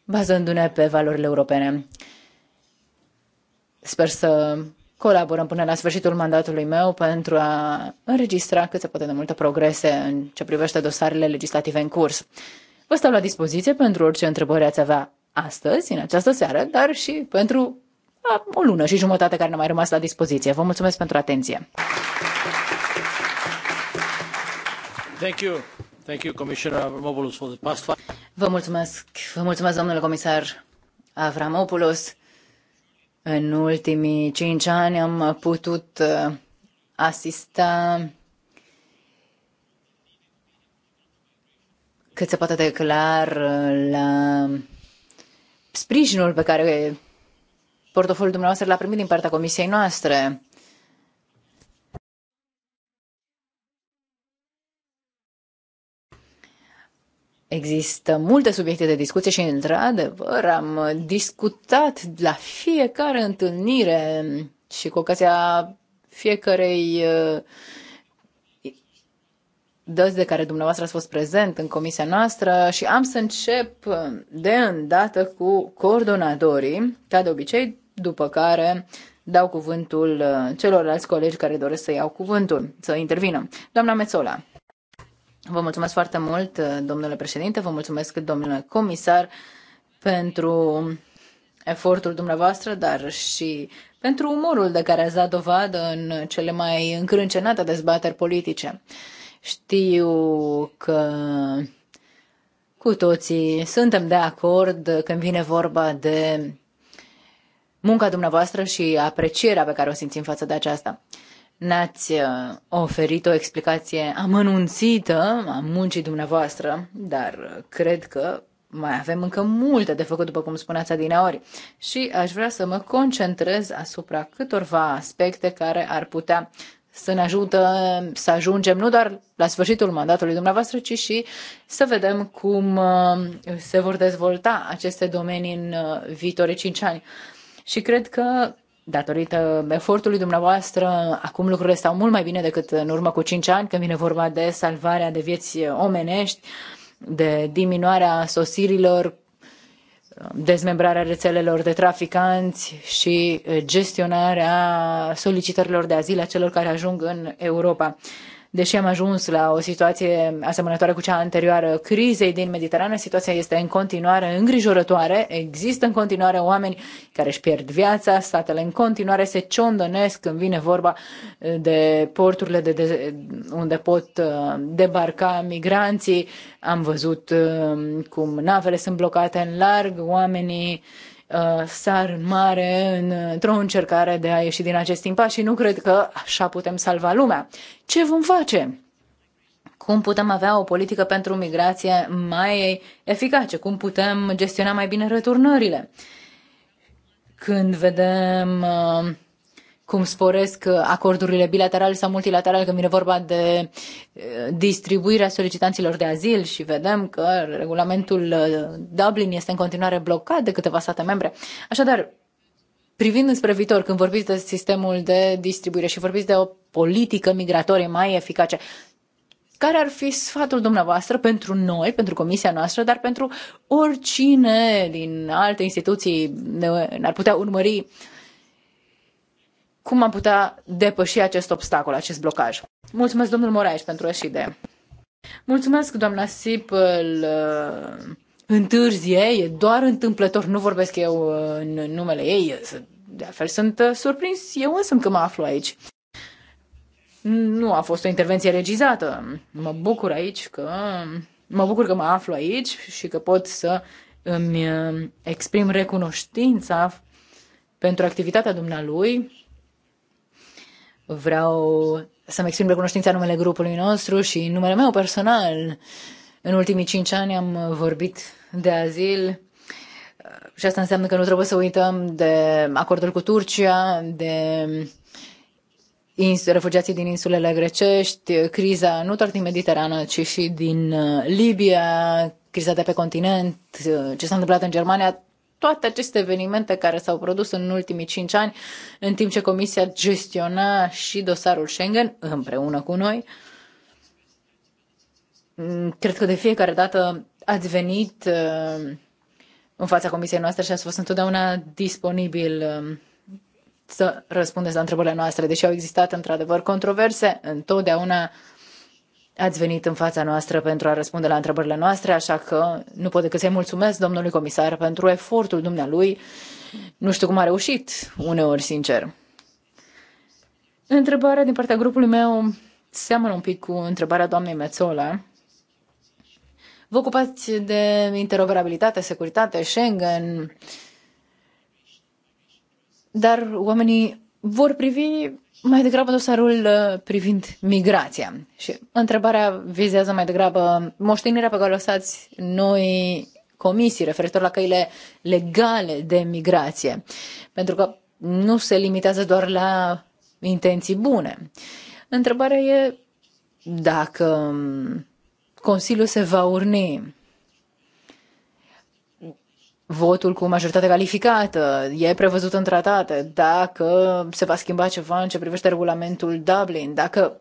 bazându-ne pe valorile europene. Sper să colaborăm până la sfârșitul mandatului meu pentru a înregistra cât se poate de multe progrese în ce privește dosarele legislative în curs. Vă stau la dispoziție pentru orice întrebări ați avea astăzi, în această seară, dar și pentru o lună și jumătate care ne-a mai rămas la dispoziție. Vă mulțumesc pentru atenție! mulțumesc, vă mulțumesc, domnule comisar Avramopoulos. În ultimii cinci ani am putut uh, asista cât se poate de clar uh, la sprijinul pe care portofoliul dumneavoastră l-a primit din partea comisiei noastre. Există multe subiecte de discuție și, într-adevăr, am discutat la fiecare întâlnire și cu ocazia fiecarei uh, dăți de care dumneavoastră ați fost prezent în comisia noastră și am să încep de îndată cu coordonatorii, ca de obicei, după care dau cuvântul uh, celorlalți colegi care doresc să iau cuvântul, să intervină. Doamna Mețola. Vă mulțumesc foarte mult, domnule președinte, vă mulțumesc, domnule comisar, pentru efortul dumneavoastră, dar și pentru umorul de care ați dat dovadă în cele mai încrâncenate dezbateri politice. Știu că cu toții suntem de acord când vine vorba de munca dumneavoastră și aprecierea pe care o simțim față de aceasta ne-ați uh, oferit o explicație amănunțită a muncii dumneavoastră, dar uh, cred că mai avem încă multe de făcut, după cum spuneați adineori, și aș vrea să mă concentrez asupra câtorva aspecte care ar putea să ne ajută să ajungem nu doar la sfârșitul mandatului dumneavoastră, ci și să vedem cum uh, se vor dezvolta aceste domenii în viitorii cinci ani. Și cred că datorită efortului dumneavoastră, acum lucrurile stau mult mai bine decât în urmă cu 5 ani, când vine vorba de salvarea de vieți omenești, de diminuarea sosirilor, dezmembrarea rețelelor de traficanți și gestionarea solicitărilor de azil a celor care ajung în Europa. Deși am ajuns la o situație asemănătoare cu cea anterioară crizei din Mediterană, situația este în continuare îngrijorătoare. Există în continuare oameni care își pierd viața, statele în continuare se ciondănesc când vine vorba uh, de porturile de, de, unde pot uh, debarca migranții. Am văzut uh, cum navele sunt blocate în larg, oamenii Uh, sar în mare într-o încercare de a ieși din acest impas și nu cred că așa putem salva lumea. Ce vom face? Cum putem avea o politică pentru migrație mai eficace? Cum putem gestiona mai bine returnările? Când vedem uh, cum sporesc uh, acordurile bilaterale sau multilaterale când vine vorba de uh, distribuirea solicitanților de azil și vedem că regulamentul uh, Dublin este în continuare blocat de câteva state membre. Așadar, privind înspre viitor, când vorbiți de sistemul de distribuire și vorbiți de o politică migratorie mai eficace, care ar fi sfatul dumneavoastră pentru noi, pentru comisia noastră, dar pentru oricine din alte instituții ne ar putea urmări uh, cum am putea depăși acest obstacol, acest blocaj. Mulțumesc, domnul Moraes, pentru așa idee. Mulțumesc, doamna Sipel. Uh, întârzie, e doar întâmplător, nu vorbesc eu uh, în numele ei, de altfel sunt uh, surprins eu însumi că mă aflu aici. Nu a fost o intervenție regizată. Mă bucur aici că mă bucur că mă aflu aici și că pot să îmi exprim recunoștința pentru activitatea dumnealui Vreau să-mi exprim recunoștința în numele grupului nostru și în numele meu personal. În ultimii cinci ani am vorbit de azil și asta înseamnă că nu trebuie să uităm de acordul cu Turcia, de refugiații din insulele grecești, criza nu doar din Mediterană, ci și din uh, Libia, criza de pe continent, uh, ce s-a întâmplat în Germania, toate aceste evenimente care s-au produs în ultimii cinci ani, în timp ce Comisia gestiona și dosarul Schengen împreună cu noi, mm, cred că de fiecare dată ați venit uh, în fața comisiei noastre și ați fost întotdeauna disponibil um, să răspundeți la întrebările noastre, deși au existat într-adevăr controverse, întotdeauna Ați venit în fața noastră pentru a răspunde la întrebările noastre, așa că nu pot decât să-i mulțumesc domnului comisar pentru efortul dumnealui. Nu știu cum a reușit, uneori, sincer. Întrebarea din partea grupului meu seamănă un pic cu întrebarea doamnei Mețola. Vă ocupați de interoperabilitate, securitate, Schengen, dar oamenii vor privi mai degrabă dosarul uh, privind migrația. Și întrebarea vizează mai degrabă moștenirea pe care o lăsați noi comisii referitor la căile legale de migrație. Pentru că nu se limitează doar la intenții bune. Întrebarea e dacă Consiliul se va urni votul cu majoritate calificată. E prevăzut în tratate. Dacă se va schimba ceva în ce privește regulamentul Dublin, dacă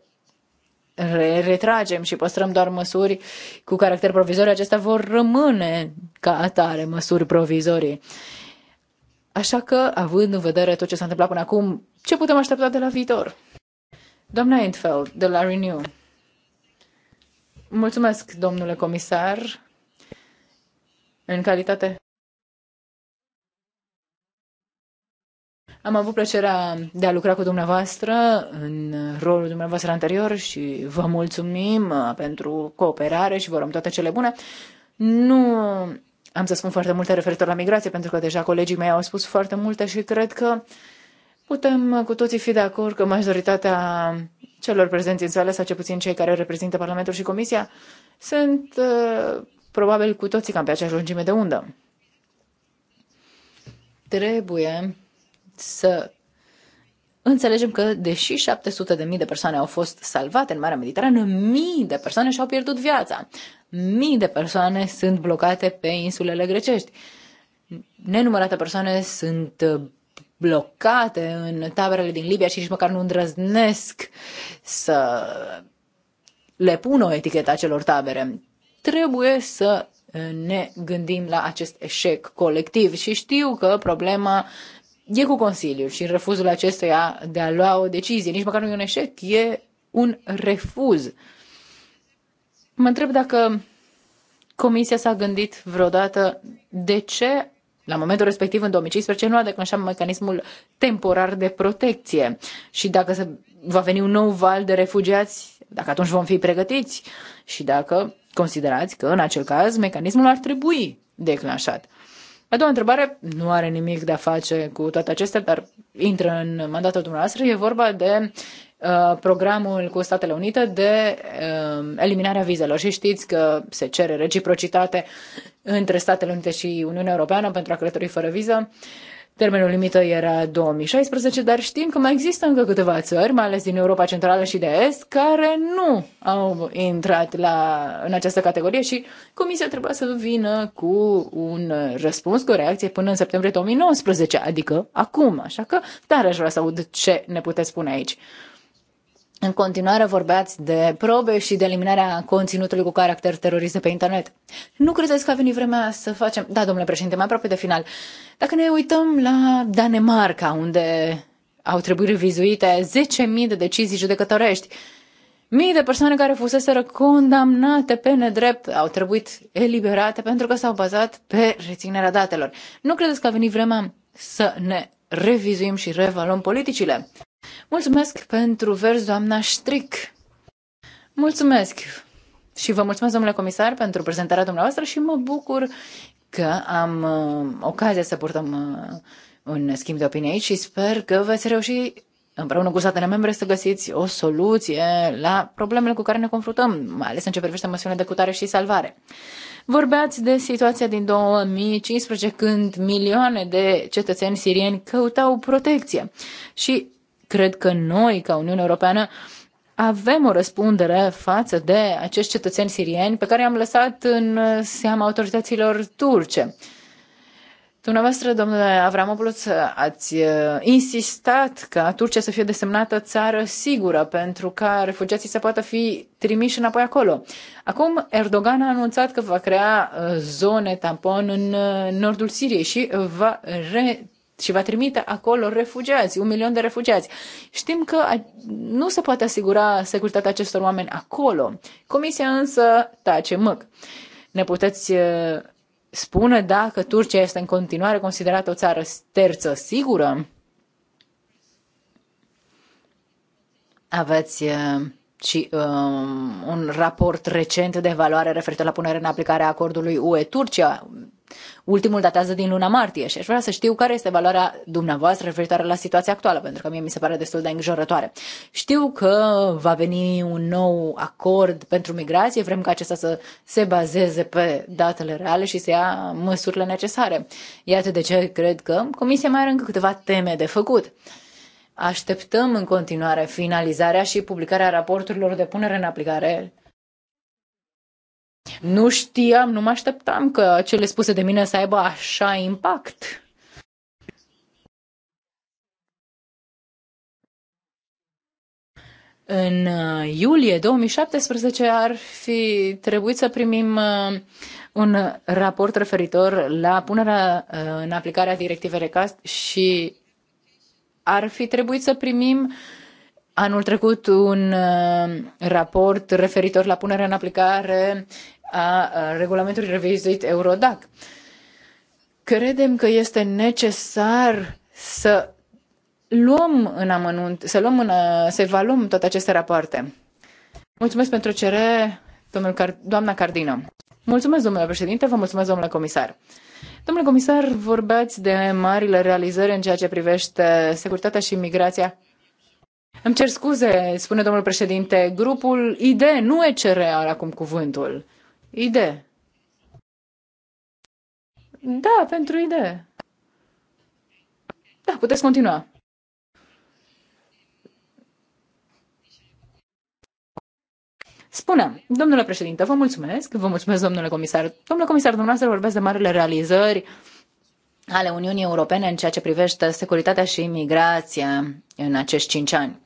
retragem și păstrăm doar măsuri cu caracter provizoriu, acestea vor rămâne ca atare măsuri provizorii. Așa că, având în vedere tot ce s-a întâmplat până acum, ce putem aștepta de la viitor? Doamna Entfeld, de la Renew. Mulțumesc, domnule comisar. În calitate Am avut plăcerea de a lucra cu dumneavoastră în rolul dumneavoastră anterior și vă mulțumim uh, pentru cooperare și vă urăm toate cele bune. Nu am să spun foarte multe referitor la migrație, pentru că deja colegii mei au spus foarte multe și cred că putem uh, cu toții fi de acord că majoritatea celor prezenți în sală, sau ce puțin cei care reprezintă Parlamentul și Comisia, sunt uh, probabil cu toții cam pe aceeași lungime de undă. Trebuie să înțelegem că, deși 700.000 de de persoane au fost salvate în Marea Mediterană, mii de persoane și-au pierdut viața. Mii de persoane sunt blocate pe insulele grecești. Nenumărate persoane sunt uh, blocate în taberele din Libia și nici măcar nu îndrăznesc să le pun o etichetă acelor tabere. Trebuie să uh, ne gândim la acest eșec colectiv și știu că problema e cu Consiliul și în refuzul acestuia de a lua o decizie. Nici măcar nu e un eșec, e un refuz. Mă întreb dacă Comisia s-a gândit vreodată de ce, la momentul respectiv, în 2015, nu a declanșat mecanismul temporar de protecție și dacă se va veni un nou val de refugiați, dacă atunci vom fi pregătiți și dacă considerați că, în acel caz, mecanismul ar trebui declanșat. A doua întrebare nu are nimic de a face cu toate acestea, dar intră în mandatul dumneavoastră. E vorba de uh, programul cu Statele Unite de uh, eliminarea vizelor. Și știți că se cere reciprocitate între Statele Unite și Uniunea Europeană pentru a călători fără viză. Uh, Termenul limită era 2016, dar știm că mai există încă câteva țări, mai ales din Europa Centrală și de Est, care nu au intrat la, în această categorie și Comisia trebuia să vină cu un răspuns, cu o reacție până în septembrie 2019, adică acum. Așa că, dar aș vrea să aud ce ne puteți spune aici. În continuare vorbeați de probe și de eliminarea conținutului cu caracter terorist de pe internet. Nu credeți că a venit vremea să facem... Da, domnule președinte, mai aproape de final. Dacă ne uităm la Danemarca, unde au trebuit revizuite 10.000 de decizii judecătorești, mii de persoane care fusese condamnate pe nedrept au trebuit eliberate pentru că s-au bazat pe reținerea datelor. Nu credeți că a venit vremea să ne revizuim și revaluăm politicile? Mulțumesc pentru vers, doamna Stric. Mulțumesc. Și vă mulțumesc, domnule comisar, pentru prezentarea dumneavoastră și mă bucur că am uh, ocazia să purtăm uh, un schimb de opinie aici și sper că veți reuși împreună cu statele membre să găsiți o soluție la problemele cu care ne confruntăm, mai ales în ce privește măsurile de cutare și salvare. Vorbeați de situația din 2015 când milioane de cetățeni sirieni căutau protecție și Cred că noi, ca Uniunea Europeană, avem o răspundere față de acești cetățeni sirieni pe care i-am lăsat în seama autorităților turce. Dumneavoastră, domnule Avramopoulos, ați uh, insistat ca Turcia să fie desemnată țară sigură pentru ca refugiații să poată fi trimiși înapoi acolo. Acum, Erdogan a anunțat că va crea uh, zone tampon în uh, nordul Siriei și va re și va trimite acolo refugiați, un milion de refugiați. Știm că nu se poate asigura securitatea acestor oameni acolo. Comisia însă tace măc. Ne puteți spune dacă Turcia este în continuare considerată o țară terță sigură? Aveți și um, un raport recent de evaluare referitor la punerea în aplicare a acordului UE-Turcia. Ultimul datează din luna martie și aș vrea să știu care este valoarea dumneavoastră referitoare la situația actuală, pentru că mie mi se pare destul de îngrijorătoare. Știu că va veni un nou acord pentru migrație, vrem ca acesta să se bazeze pe datele reale și să ia măsurile necesare. Iată de ce cred că Comisia mai are încă câteva teme de făcut. Așteptăm în continuare finalizarea și publicarea raporturilor de punere în aplicare. Nu știam, nu mă așteptam că cele spuse de mine să aibă așa impact. În uh, iulie 2017 ar fi trebuit să primim uh, un raport referitor la punerea uh, în aplicare a directivei RECAST și ar fi trebuit să primim anul trecut un uh, raport referitor la punerea în aplicare a regulamentului revizuit Eurodac. Credem că este necesar să luăm în amănunt, să luăm în, uh, să evaluăm toate aceste rapoarte. Mulțumesc pentru cerere, domnul, doamna Cardino. Mulțumesc, domnule președinte, vă mulțumesc, domnule comisar. Domnule comisar, vorbeați de marile realizări în ceea ce privește securitatea și migrația. Îmi cer scuze, spune domnul președinte, grupul ID, nu ECR are acum cuvântul. ID. Da, pentru ID. Da, puteți continua. spuneam, domnule președinte, vă mulțumesc, vă mulțumesc, domnule comisar. Domnule comisar, dumneavoastră vorbesc de marele realizări ale Uniunii Europene în ceea ce privește securitatea și imigrația în acești cinci ani.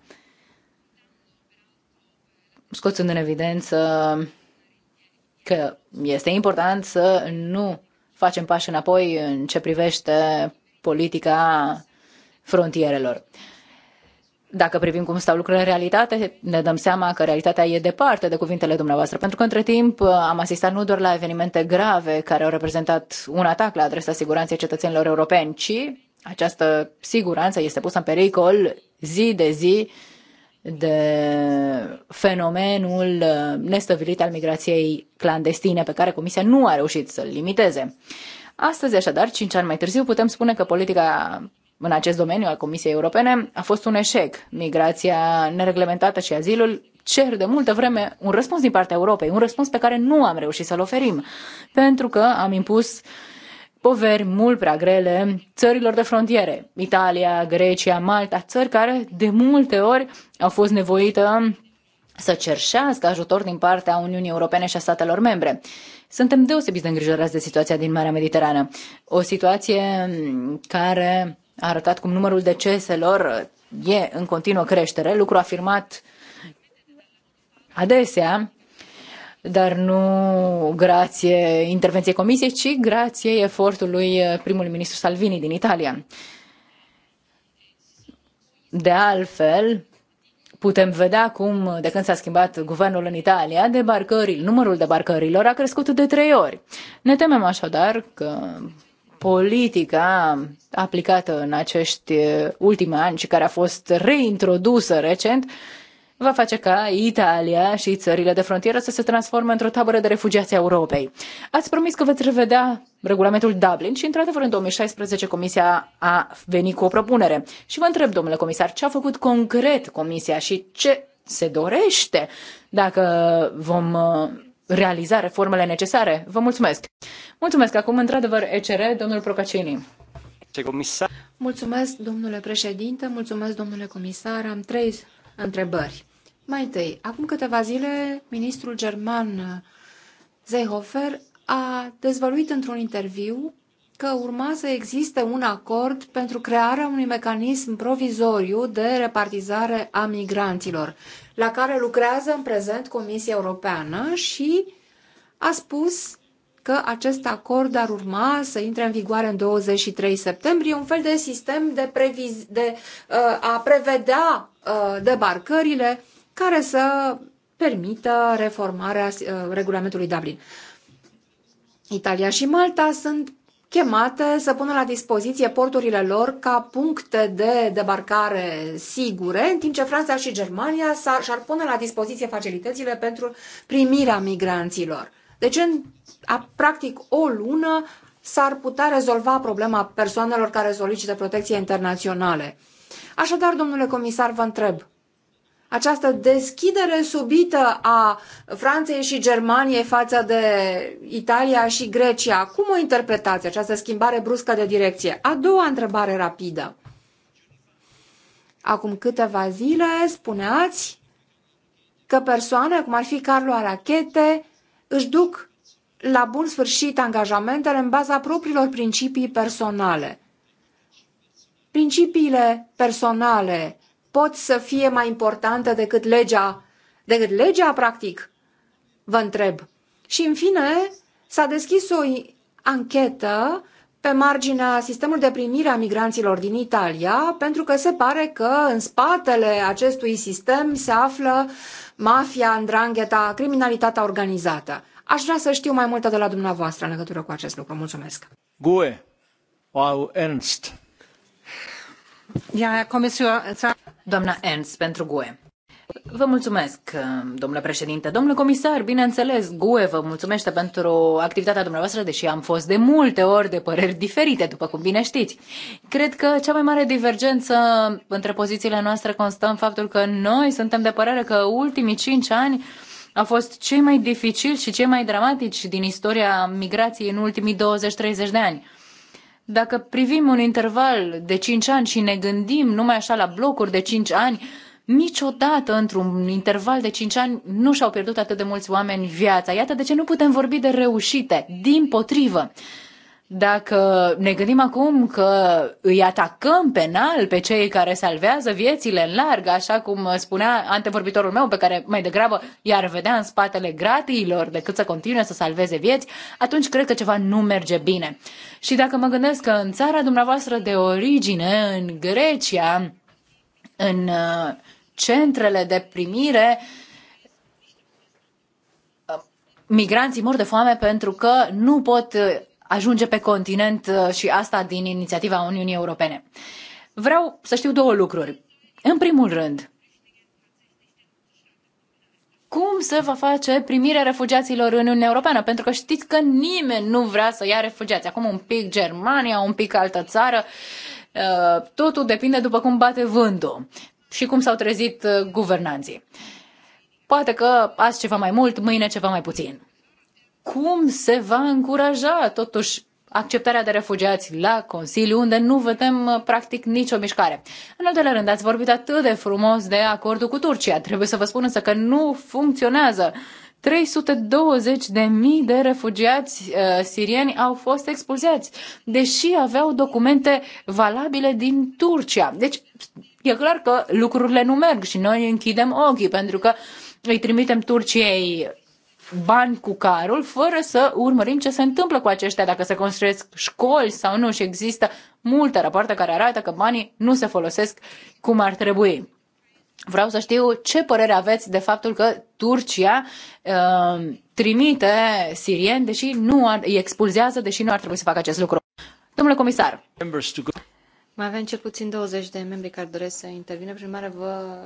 Scoțând în evidență că este important să nu facem pași înapoi în ce privește politica frontierelor. Dacă privim cum stau lucrurile în realitate, ne dăm seama că realitatea e departe de cuvintele dumneavoastră, pentru că între timp am asistat nu doar la evenimente grave care au reprezentat un atac la adresa siguranței cetățenilor europeni, ci această siguranță este pusă în pericol zi de zi de fenomenul nestăvilit al migrației clandestine pe care Comisia nu a reușit să-l limiteze. Astăzi, așadar, cinci ani mai târziu, putem spune că politica în acest domeniu al Comisiei Europene a fost un eșec. Migrația nereglementată și azilul cer de multă vreme un răspuns din partea Europei, un răspuns pe care nu am reușit să-l oferim, pentru că am impus poveri mult prea grele țărilor de frontiere, Italia, Grecia, Malta, țări care de multe ori au fost nevoită să cerșească ajutor din partea Uniunii Europene și a statelor membre. Suntem deosebit de îngrijorați de situația din Marea Mediterană, o situație care a arătat cum numărul deceselor e în continuă creștere, lucru afirmat adesea, dar nu grație intervenției comisiei, ci grație efortului primului ministru Salvini din Italia. De altfel, putem vedea cum, de când s-a schimbat guvernul în Italia, debarcări, numărul debarcărilor a crescut de trei ori. Ne temem așadar că politica aplicată în acești eh, ultimi ani și care a fost reintrodusă recent va face ca Italia și țările de frontieră să se transforme într-o tabără de refugiați a Europei. Ați promis că veți revedea regulamentul Dublin și, într-adevăr, în 2016 Comisia a venit cu o propunere. Și vă întreb, domnule comisar, ce a făcut concret Comisia și ce se dorește dacă vom eh, realiza reformele necesare. Vă mulțumesc! Mulțumesc! Acum, într-adevăr, ECR, domnul Procacini. Mulțumesc, domnule președinte, mulțumesc, domnule comisar. Am trei întrebări. Mai întâi, acum câteva zile, ministrul german eh, Seehofer a dezvăluit într-un interviu că urma să existe un acord pentru crearea unui mecanism provizoriu de repartizare a migranților la care lucrează în prezent Comisia Europeană și a spus că acest acord ar urma să intre în vigoare în 23 septembrie, un fel de sistem de, previz- de uh, a prevedea uh, debarcările care să permită reformarea uh, regulamentului Dublin. Italia și Malta sunt chemate să pună la dispoziție porturile lor ca puncte de debarcare sigure, în timp ce Franța și Germania și-ar pune la dispoziție facilitățile pentru primirea migranților. Deci, în a, practic o lună, s-ar putea rezolva problema persoanelor care solicită protecție internaționale. Așadar, domnule comisar, vă întreb, această deschidere subită a Franței și Germaniei față de Italia și Grecia. Cum o interpretați, această schimbare bruscă de direcție? A doua întrebare rapidă. Acum câteva zile spuneați că persoane, cum ar fi Carlo Arachete, își duc la bun sfârșit angajamentele în baza propriilor principii personale. Principiile personale pot să fie mai importante decât legea, decât legea, practic? Vă întreb. Și, în fine, s-a deschis o anchetă pe marginea sistemului de primire a migranților din Italia, pentru că se pare că în spatele acestui sistem se află mafia, îndrangheta, criminalitatea organizată. Aș vrea să știu mai multe de la dumneavoastră în legătură cu acest lucru. Mulțumesc! Gue, wow, Ernst! Doamna Ernst, pentru GUE. Vă mulțumesc, domnule președinte. Domnule comisar, bineînțeles, GUE vă mulțumește pentru activitatea dumneavoastră, deși am fost de multe ori de păreri diferite, după cum bine știți. Cred că cea mai mare divergență între pozițiile noastre constă în faptul că noi suntem de părere că ultimii cinci ani au fost cei mai dificili și cei mai dramatici din istoria migrației în ultimii 20-30 de ani. Dacă privim un interval de 5 ani și ne gândim numai așa la blocuri de 5 ani, niciodată într-un interval de 5 ani nu și-au pierdut atât de mulți oameni viața. Iată de ce nu putem vorbi de reușite, din potrivă. Dacă ne gândim acum că îi atacăm penal pe cei care salvează viețile în larg, așa cum spunea antevorbitorul meu, pe care mai degrabă i-ar vedea în spatele gratiilor decât să continue să salveze vieți, atunci cred că ceva nu merge bine. Și dacă mă gândesc că în țara dumneavoastră de origine, în Grecia, în uh, centrele de primire, uh, migranții mor de foame pentru că nu pot uh, ajunge pe continent uh, și asta din inițiativa Uniunii Europene. Vreau să știu două lucruri. În primul rând, cum se va face primirea refugiaților în Uniunea Europeană? Pentru că știți că nimeni nu vrea să ia refugiați. Acum un pic Germania, un pic altă țară. Uh, totul depinde după cum bate vântul și cum s-au trezit uh, guvernanții. Poate că azi ceva mai mult, mâine ceva mai puțin cum se va încuraja totuși acceptarea de refugiați la Consiliu, unde nu vedem uh, practic nicio mișcare. În al doilea rând, ați vorbit atât de frumos de acordul cu Turcia. Trebuie să vă spun însă că nu funcționează. 320 de mii de refugiați uh, sirieni au fost expulzați, deși aveau documente valabile din Turcia. Deci, e clar că lucrurile nu merg și noi închidem ochii, pentru că îi trimitem Turciei bani cu carul fără să urmărim ce se întâmplă cu aceștia, dacă se construiesc școli sau nu și există multe rapoarte care arată că banii nu se folosesc cum ar trebui. Vreau să știu ce părere aveți de faptul că Turcia uh, trimite sirieni, deși nu ar, îi expulzează, deși nu ar trebui să facă acest lucru. Domnule comisar, mai avem cel puțin 20 de membri care doresc să intervină, prin mare vă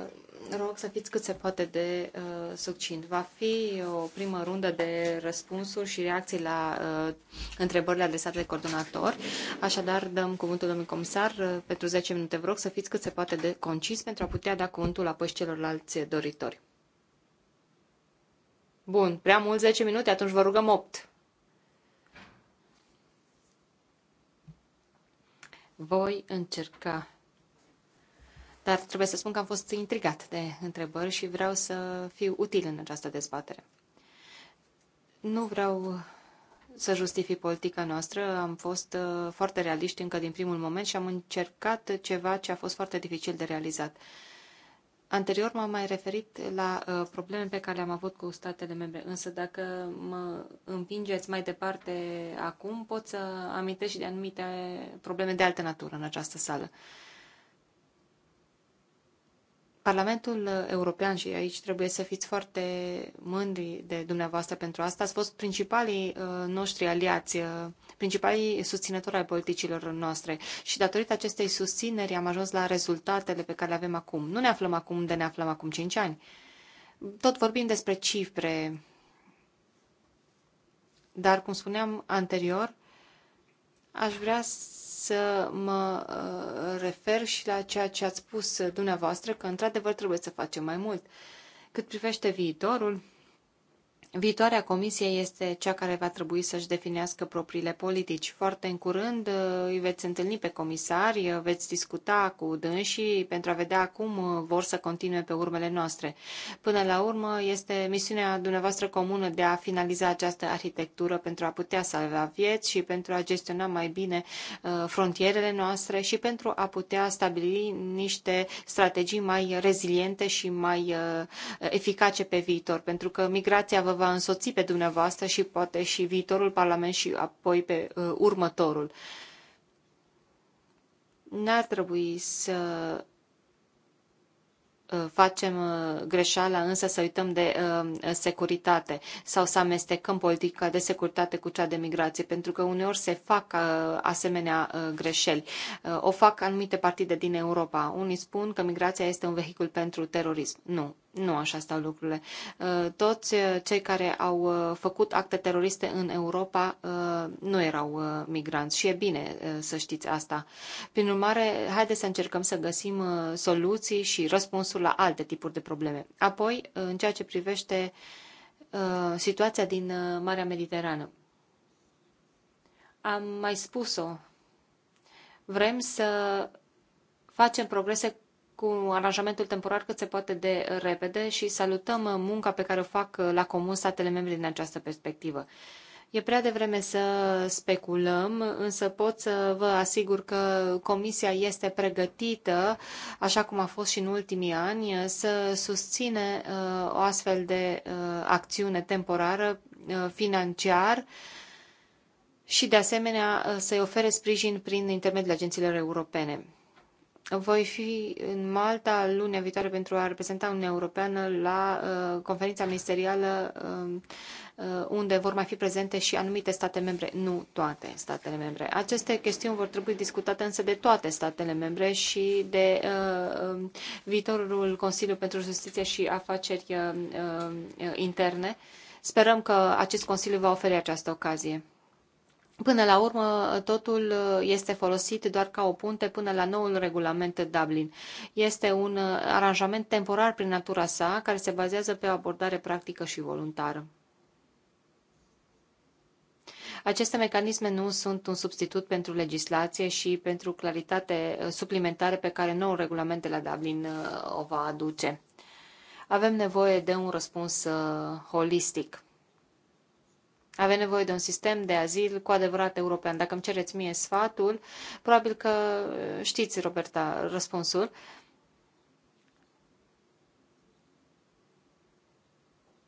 rog să fiți cât se poate de uh, succint. Va fi o primă rundă de răspunsuri și reacții la uh, întrebările adresate de coordonator. Așadar, dăm cuvântul domnului comisar uh, pentru 10 minute. Vă rog să fiți cât se poate de concis pentru a putea da cuvântul apoi și celorlalți doritori. Bun, prea mult 10 minute, atunci vă rugăm 8. voi încerca. Dar trebuie să spun că am fost intrigat de întrebări și vreau să fiu util în această dezbatere. Nu vreau să justific politica noastră. Am fost uh, foarte realiști încă din primul moment și am încercat ceva ce a fost foarte dificil de realizat. Anterior m-am mai referit la uh, probleme pe care le-am avut cu statele membre, însă dacă mă împingeți mai departe acum, pot să amintesc și de anumite probleme de altă natură în această sală. Uh, Parlamentul uh, European, și aici trebuie să fiți foarte mândri de dumneavoastră pentru asta, ați fost principalii uh, noștri aliați, uh, principalii susținători ai politicilor noastre și datorită acestei susțineri am ajuns la rezultatele pe care le avem acum. Nu ne aflăm acum de ne aflăm acum 5 ani. Tot vorbim despre cifre, dar, cum spuneam anterior, aș vrea să să mă uh, refer și la ceea ce ați spus dumneavoastră, că într-adevăr trebuie să facem mai mult. Cât privește viitorul, Viitoarea comisie este cea care va trebui să-și definească propriile politici. Foarte în curând uh, îi veți întâlni pe comisari, uh, veți discuta cu dânsii pentru a vedea cum uh, vor să continue pe urmele noastre. Până la urmă, este misiunea dumneavoastră comună de a finaliza această arhitectură pentru a putea salva vieți și pentru a gestiona mai bine frontierele noastre și pentru a putea stabili niște strategii mai reziliente și mai eficace pe viitor, pentru că migrația vă va însoți pe dumneavoastră și poate și viitorul Parlament și apoi pe uh, următorul. N-ar trebui să uh, facem uh, greșeala, însă să uităm de uh, securitate sau să amestecăm politica de securitate cu cea de migrație, pentru că uneori se fac asemenea greșeli. O fac anumite partide din Europa. Unii spun că migrația este un vehicul pentru terorism. Nu, nu așa stau lucrurile. Uh, toți uh, cei care au uh, făcut acte teroriste în Europa nu erau migranți și e bine să știți asta. Prin urmare, haideți să încercăm să găsim soluții și răspunsuri la alte tipuri de probleme. Apoi, în ceea ce privește situația din Marea Mediterană. Am mai spus-o. Vrem să facem progrese cu aranjamentul temporar cât se poate de repede și salutăm munca pe care o fac la comun statele membre din această perspectivă. E prea devreme să speculăm, însă pot să vă asigur că Comisia este pregătită, așa cum a fost și în ultimii ani, să susține uh, o astfel de uh, acțiune temporară uh, financiar și, de asemenea, să-i ofere sprijin prin intermediul agențiilor europene. Voi fi în Malta lunea viitoare pentru a reprezenta Uniunea Europeană la uh, conferința ministerială um, uh, unde vor mai fi prezente și anumite state membre, nu toate statele membre. Aceste chestiuni vor trebui discutate însă de toate statele membre și de uh, um, viitorul Consiliu pentru Justiție și Afaceri uh, uh, Interne. Sperăm că acest Consiliu va oferi această ocazie. Până la urmă, totul uh, este folosit doar ca o punte până la noul regulament Dublin. Este un uh, aranjament temporar prin natura sa, care se bazează pe o abordare practică și voluntară. Aceste mecanisme nu sunt un substitut pentru legislație și pentru claritate uh, suplimentare pe care noul regulament de la Dublin o va aduce. Avem nevoie de un răspuns holistic avem nevoie de un sistem de azil cu adevărat european. Dacă îmi cereți mie sfatul, probabil că uh, știți, Roberta, răspunsul.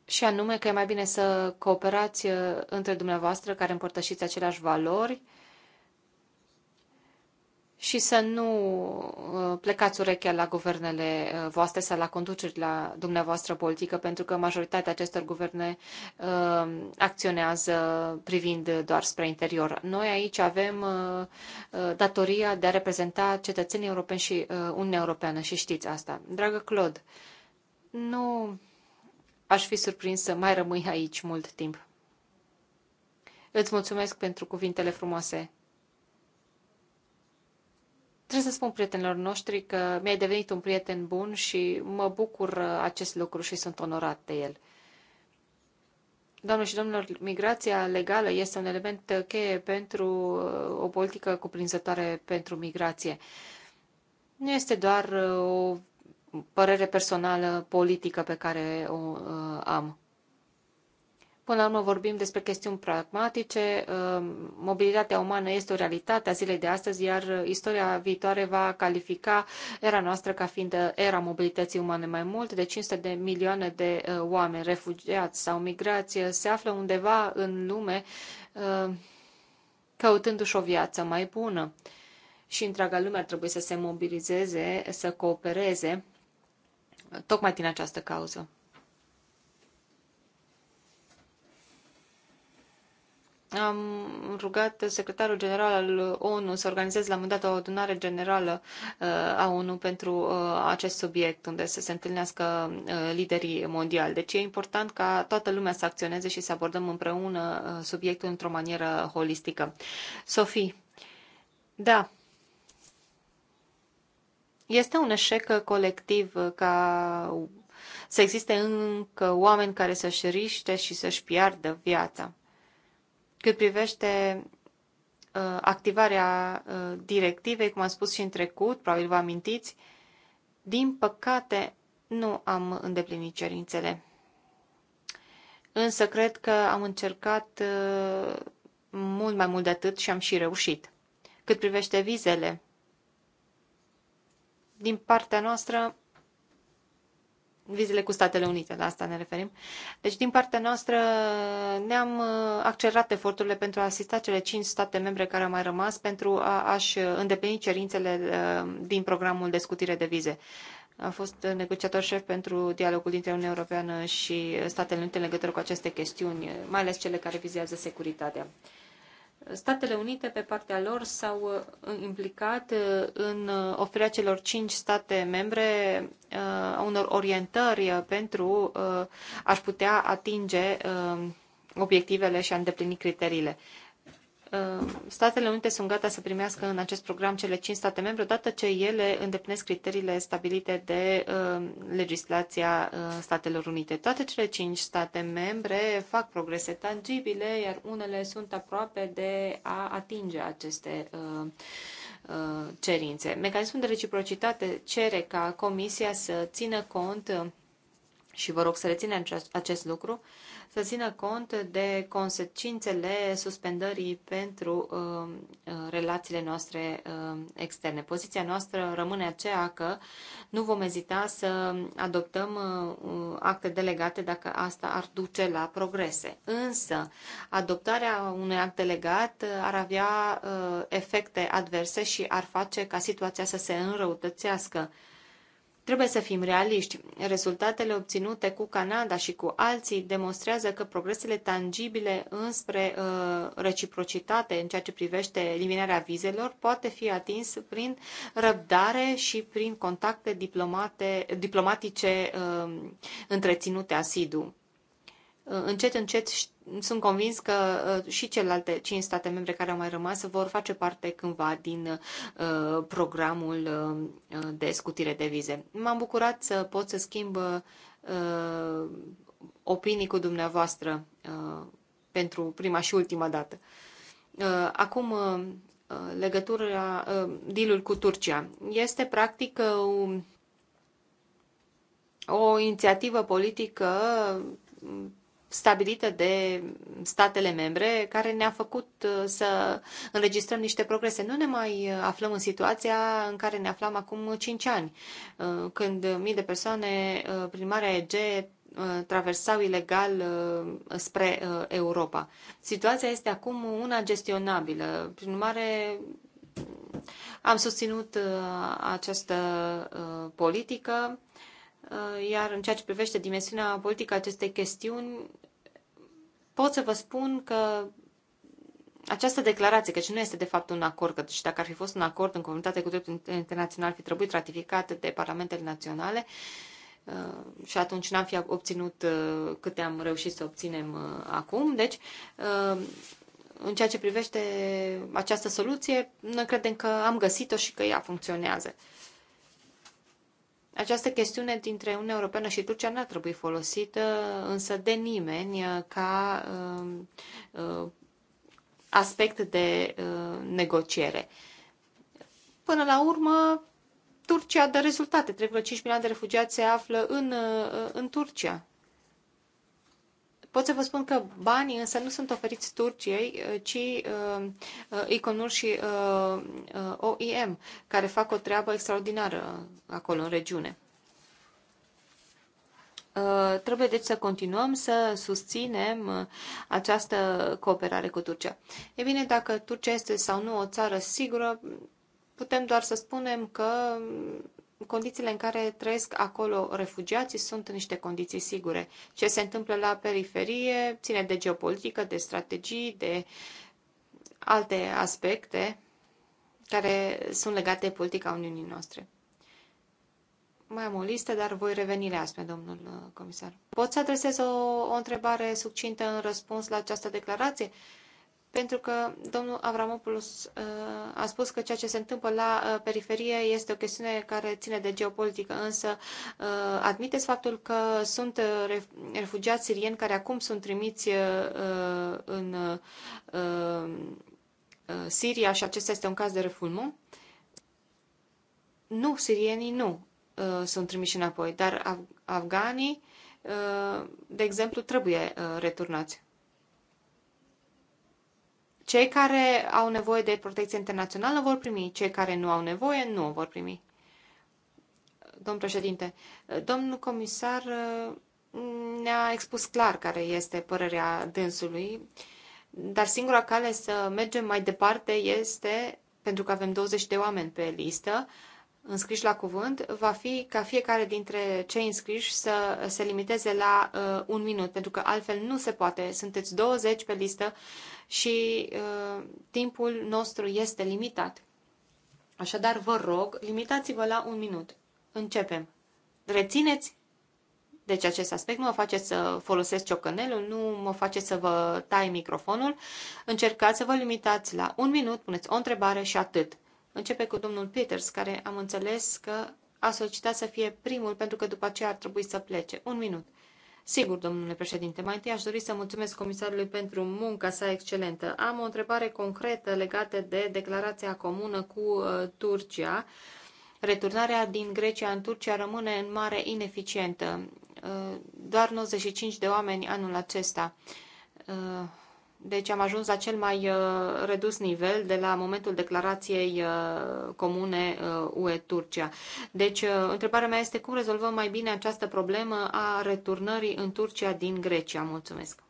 Și anume că e mai bine să cooperați uh, între dumneavoastră care împărtășiți aceleași valori și să nu uh, plecați urechea la guvernele uh, voastre sau la la dumneavoastră politică, pentru că majoritatea acestor guverne uh, acționează privind doar spre interior. Noi aici avem datoria de a reprezenta cetățenii europeni și Uniunea Europeană și știți asta. Dragă Claude, nu aș fi surprins să mai rămâi aici mult timp. Îți mulțumesc pentru cuvintele frumoase Trebuie să spun prietenilor noștri că mi-ai devenit un prieten bun și mă bucur uh, acest lucru și sunt onorat de el. Doamne și domnilor, migrația legală este un element cheie pentru uh, o politică cuprinzătoare pentru migrație. Nu este doar uh, o părere personală politică pe care o am. Până la urmă vorbim despre chestiuni pragmatice, um, mobilitatea umană este o realitate a zilei de astăzi, iar istoria viitoare va califica era noastră ca fiind uh, era mobilității umane mai mult. De 500 de milioane de uh, oameni refugiați sau migrați uh, se află undeva în lume căutându-și o viață mai bună. Și întreaga lume ar trebui să se mobilizeze, să coopereze, tocmai din această cauză. am rugat secretarul general al ONU să organizeze la un moment dat o adunare generală uh, a ONU pentru uh, acest subiect, unde să se întâlnească uh, liderii mondiali. Deci e important ca toată lumea să acționeze și să abordăm împreună subiectul într-o manieră holistică. Sofie, da, este un eșec colectiv ca să existe încă oameni care să-și riște și să-și piardă viața. Cât privește uh, activarea uh, directivei, cum am spus și în trecut, probabil vă amintiți, din păcate nu am îndeplinit cerințele. Însă cred că am încercat uh, mult mai mult de atât și am și reușit. Cât privește vizele, din partea noastră vizele cu Statele Unite, la asta ne referim. Deci, din partea noastră, ne-am uh, accelerat eforturile pentru a asista cele cinci state membre care au mai rămas pentru a-și îndeplini cerințele uh, din programul de scutire de vize. A fost negociator șef pentru dialogul dintre Uniunea Europeană și Statele Unite în legătură cu aceste chestiuni, mai ales cele care vizează securitatea. Statele Unite, pe partea lor, s-au uh, implicat uh, în uh, oferirea celor cinci state membre a unor orientări pentru a-și putea atinge obiectivele și a îndeplini criteriile. Ehm, Statele Unite sunt gata să primească în acest program cele 5 state membre, odată ce ele îndeplinesc criteriile stabilite de uh, legislația uh, Statelor Unite. Toate cele 5 state membre fac progrese tangibile, iar unele sunt aproape de a atinge aceste uh, cerințe. Mecanismul de reciprocitate cere ca Comisia să țină cont și vă rog să rețineți acest lucru, uh, să țină cont de consecințele suspendării pentru um, uh, relațiile noastre uh, externe. Poziția noastră rămâne aceea că nu vom ezita să adoptăm uh, acte delegate dacă asta ar duce la progrese. Însă, adoptarea unui act delegat ar avea uh, efecte adverse și ar face ca situația să se înrăutățească Trebuie să fim realiști. Rezultatele obținute cu Canada și cu alții demonstrează că progresele tangibile înspre uh, reciprocitate în ceea ce privește eliminarea vizelor poate fi atins prin răbdare și prin contacte diplomate, diplomatice uh, întreținute asidu. Uh, încet, încet sunt convins că uh, și celelalte cinci state membre care au mai rămas vor face parte cândva din uh, programul uh, de scutire de vize. M-am bucurat să pot să schimb opinii cu dumneavoastră pentru prima și ultima dată. Acum, legătura, dealul cu Turcia. Este practic o inițiativă politică stabilită de statele membre, care ne-a făcut uh, să înregistrăm niște progrese. Nu ne mai uh, aflăm în situația în care ne aflam acum 5 ani, uh, când mii de persoane prin Marea Egee traversau ilegal spre Europa. Situația este acum una gestionabilă. Prin urmare, am susținut această politică, iar în ceea ce privește dimensiunea politică a acestei chestiuni, pot să vă spun că această declarație, căci nu este de fapt un acord, că și dacă ar fi fost un acord în comunitate cu dreptul internațional, ar fi trebuit ratificat de parlamentele naționale uh, și atunci n-am fi obținut uh, câte am reușit să obținem uh, acum. Deci, în ceea ce privește această soluție, noi credem că am găsit-o și că ea funcționează. Această chestiune dintre Uniunea Europeană și Turcia n-ar trebui folosită însă de nimeni uh, ca um, uh, aspect de uh, negociere. Până la urmă, Turcia dă rezultate. Trebuie 5 milioane de refugiați se află în, în Turcia. Pot să vă spun că banii însă nu sunt oferiți Turciei, uh, ci uh, uh, Iconur și OIM, care fac o treabă extraordinară acolo în regiune. Trebuie deci să continuăm să susținem această cooperare cu Turcia. E bine, dacă Turcia este sau nu o țară sigură, putem doar să spunem că condițiile în care trăiesc acolo refugiații sunt în niște condiții sigure. Ce se întâmplă la periferie ține de geopolitică, de strategii, de alte aspecte care sunt legate de politica Uniunii noastre. Mai am o listă, dar voi reveni la asta, domnul uh, comisar. Pot să adresez o, o întrebare succintă în răspuns la această declarație? Uh, pentru că domnul Avramopoulos uh, a spus că ceea ce se întâmplă la uh, periferie este o chestiune care ține de geopolitică, însă uh, admiteți faptul că sunt refugiați sirieni care acum sunt trimiți în Siria și acesta este un caz de refulmă? Nu, sirienii nu sunt trimiși înapoi, dar afganii, de exemplu, trebuie returnați. Cei care au nevoie de protecție internațională vor primi, cei care nu au nevoie nu o vor primi. Domn președinte, domnul comisar mm, ne-a expus clar care este părerea dânsului, dar singura cale să mergem mai departe este, pentru că avem 20 de oameni pe listă, înscriși la cuvânt va fi ca fiecare dintre cei înscriși să se limiteze la uh, un minut, pentru că altfel nu se poate. Sunteți 20 pe listă și uh, timpul nostru este limitat. Așadar, vă rog, limitați-vă la un minut. Începem. Rețineți deci acest aspect nu mă face să folosesc ciocănelul, nu mă face să vă tai microfonul. Încercați să vă limitați la un minut, puneți o întrebare și atât. Începe cu domnul Peters, care am înțeles că a solicitat să fie primul, pentru că după aceea ar trebui să plece. Un minut. Sigur, domnule președinte, mai întâi aș dori să mulțumesc comisarului pentru munca sa excelentă. Am o întrebare concretă legată de declarația comună cu uh, Turcia. Returnarea din Grecia în Turcia rămâne în mare ineficientă. Uh, doar 95 de oameni anul acesta. Uh, deci am ajuns la cel mai uh, redus nivel de la momentul declarației uh, comune uh, UE-Turcia. Deci, întrebarea mea este cum rezolvăm mai bine această problemă a returnării în Turcia din Grecia. Mulțumesc!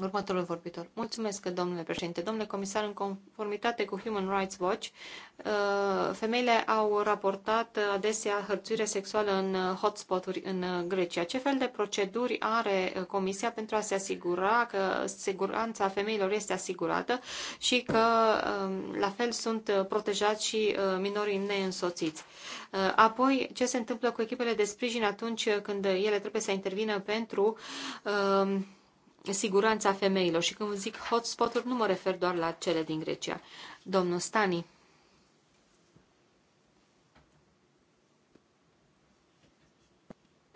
Următorul vorbitor. Mulțumesc, domnule președinte. Domnule comisar, în conformitate cu Human Rights Watch, uh, femeile au raportat adesea hărțuire sexuală în uh, hotspot-uri în uh, Grecia. Ce fel de proceduri are Comisia pentru a se asigura că siguranța femeilor este asigurată și că um, la fel sunt protejați și minorii neînsoțiți? Apoi, ce se întâmplă cu echipele de sprijin atunci când ele trebuie să intervină pentru um, siguranța femeilor. Și când zic hotspot-uri, nu mă refer doar la cele din Grecia. Domnul Stani.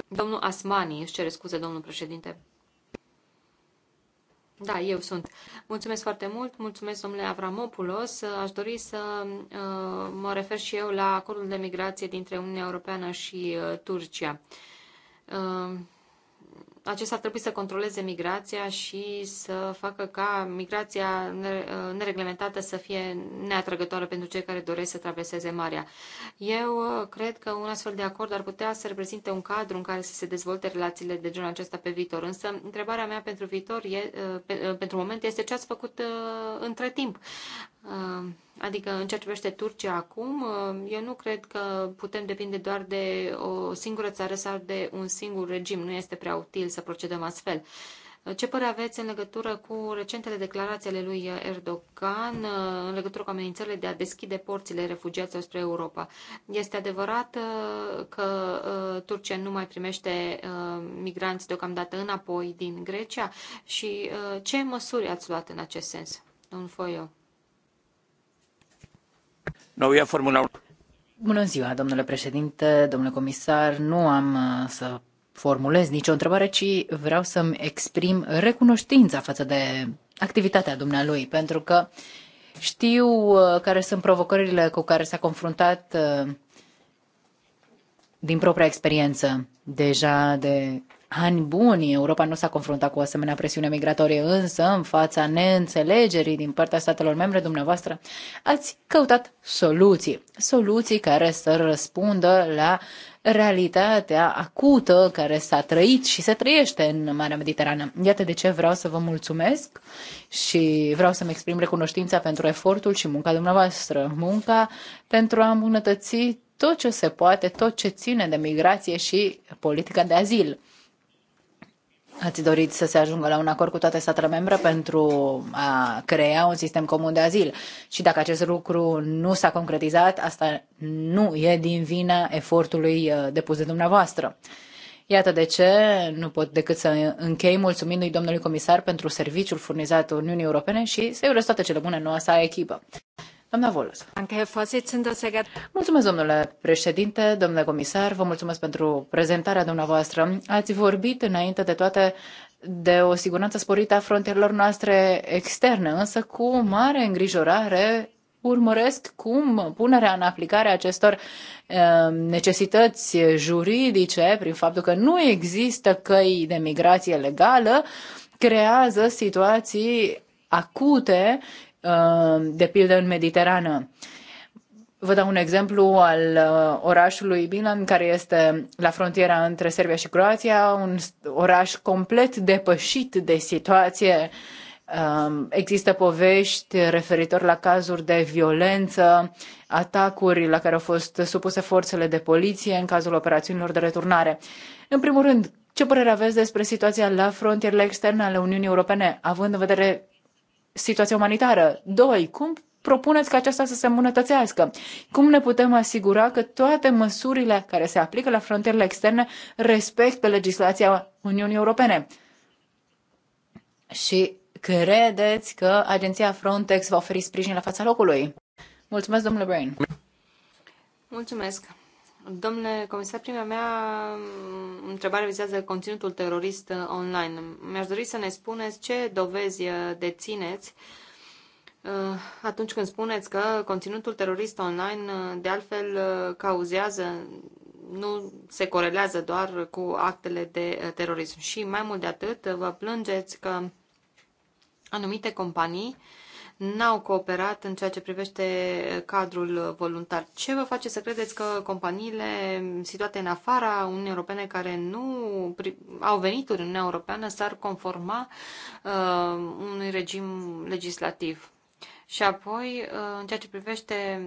Domnul Asmani, își cere scuze, domnul președinte. Da, eu sunt. Mulțumesc foarte mult, mulțumesc domnule Avramopoulos. Aș dori să uh, mă refer și eu la acordul de migrație dintre Uniunea Europeană și uh, Turcia. Uh, acesta ar trebui să controleze migrația și să facă ca migrația nereglementată să fie neatrăgătoare pentru cei care doresc să traverseze marea. Eu uh, cred că un astfel de acord ar putea să reprezinte un cadru în care să se dezvolte relațiile de genul acesta pe viitor. Însă, întrebarea mea pentru viitor, e, uh, pe, uh, pentru moment, este ce ați făcut între timp. Uh, adică în ceea ce privește Turcia acum, uh, eu nu cred că putem depinde doar de o singură țară sau de un singur regim. Nu este prea util să procedăm astfel. Uh, ce părere aveți în legătură cu recentele declarații ale lui Erdogan în legătură cu amenințările de a deschide porțile refugiaților spre Europa? Este adevărat că Turcia nu mai primește migranți deocamdată înapoi din Grecia și ce măsuri ați luat în acest sens? Domnul Foio. Noua formula. Bună ziua, domnule președinte, domnule comisar. Nu am uh, să formulez nicio întrebare, ci vreau să-mi exprim recunoștința față de activitatea dumnealui, pentru că știu uh, care sunt provocările cu care s-a confruntat uh, din propria experiență. Deja de ani buni Europa nu s-a confruntat cu o asemenea presiune migratorie, însă în fața neînțelegerii din partea statelor membre dumneavoastră ați căutat soluții, soluții care să răspundă la realitatea acută care s-a trăit și se trăiește în Marea Mediterană. Iată de ce vreau să vă mulțumesc și vreau să-mi exprim recunoștința pentru efortul și munca dumneavoastră, munca pentru a îmbunătăți tot ce se poate, tot ce ține de migrație și politica de azil. Ați dorit să se ajungă la un acord cu toate statele membre pentru a crea un sistem comun de azil. Și dacă acest lucru nu s-a concretizat, asta nu e din vina efortului uh, depus de dumneavoastră. Iată de ce nu pot decât să închei mulțumindu-i domnului comisar pentru serviciul furnizat Uniunii Europene și să-i urez toate cele bune noua sa echipă. Doamna Volos. Mulțumesc, domnule președinte, domnule comisar, vă mulțumesc pentru prezentarea dumneavoastră. Ați vorbit înainte de toate de o siguranță sporită a frontierelor noastre externe, însă cu mare îngrijorare urmăresc cum punerea în aplicare acestor uh, necesități juridice, prin faptul că nu există căi de migrație legală, creează situații acute Uh, de pildă în Mediterană. Vă dau un exemplu al uh, orașului Bilan, care este la frontiera între Serbia și Croația, un oraș complet depășit de situație. Um, există povești referitor la cazuri de violență, atacuri la care au fost supuse forțele de poliție în cazul operațiunilor de returnare. În primul rând, ce părere aveți despre situația la frontierele externe ale Uniunii Europene, având în vedere situația umanitară. Doi, cum propuneți ca aceasta să se îmbunătățească? Cum ne putem asigura că toate măsurile care se aplică la frontierele externe respectă legislația Uniunii Europene? Și credeți că agenția Frontex va oferi sprijin la fața locului? Mulțumesc, domnule Brain. Mulțumesc. Domnule comisar, prima mea întrebare vizează conținutul terorist uh, online. Mi-aș dori să ne spuneți ce dovezi uh, dețineți uh, atunci când spuneți că conținutul terorist online de altfel cauzează, nu se corelează doar cu actele de terorism. Și mai mult de atât, vă plângeți că anumite companii uh, n-au cooperat în ceea ce privește cadrul voluntar. Ce vă face să credeți că companiile situate în afara Uniunii Europene care nu au venit în Uniunea Europeană s-ar conforma uh, unui regim legislativ? Și apoi, uh, în ceea ce privește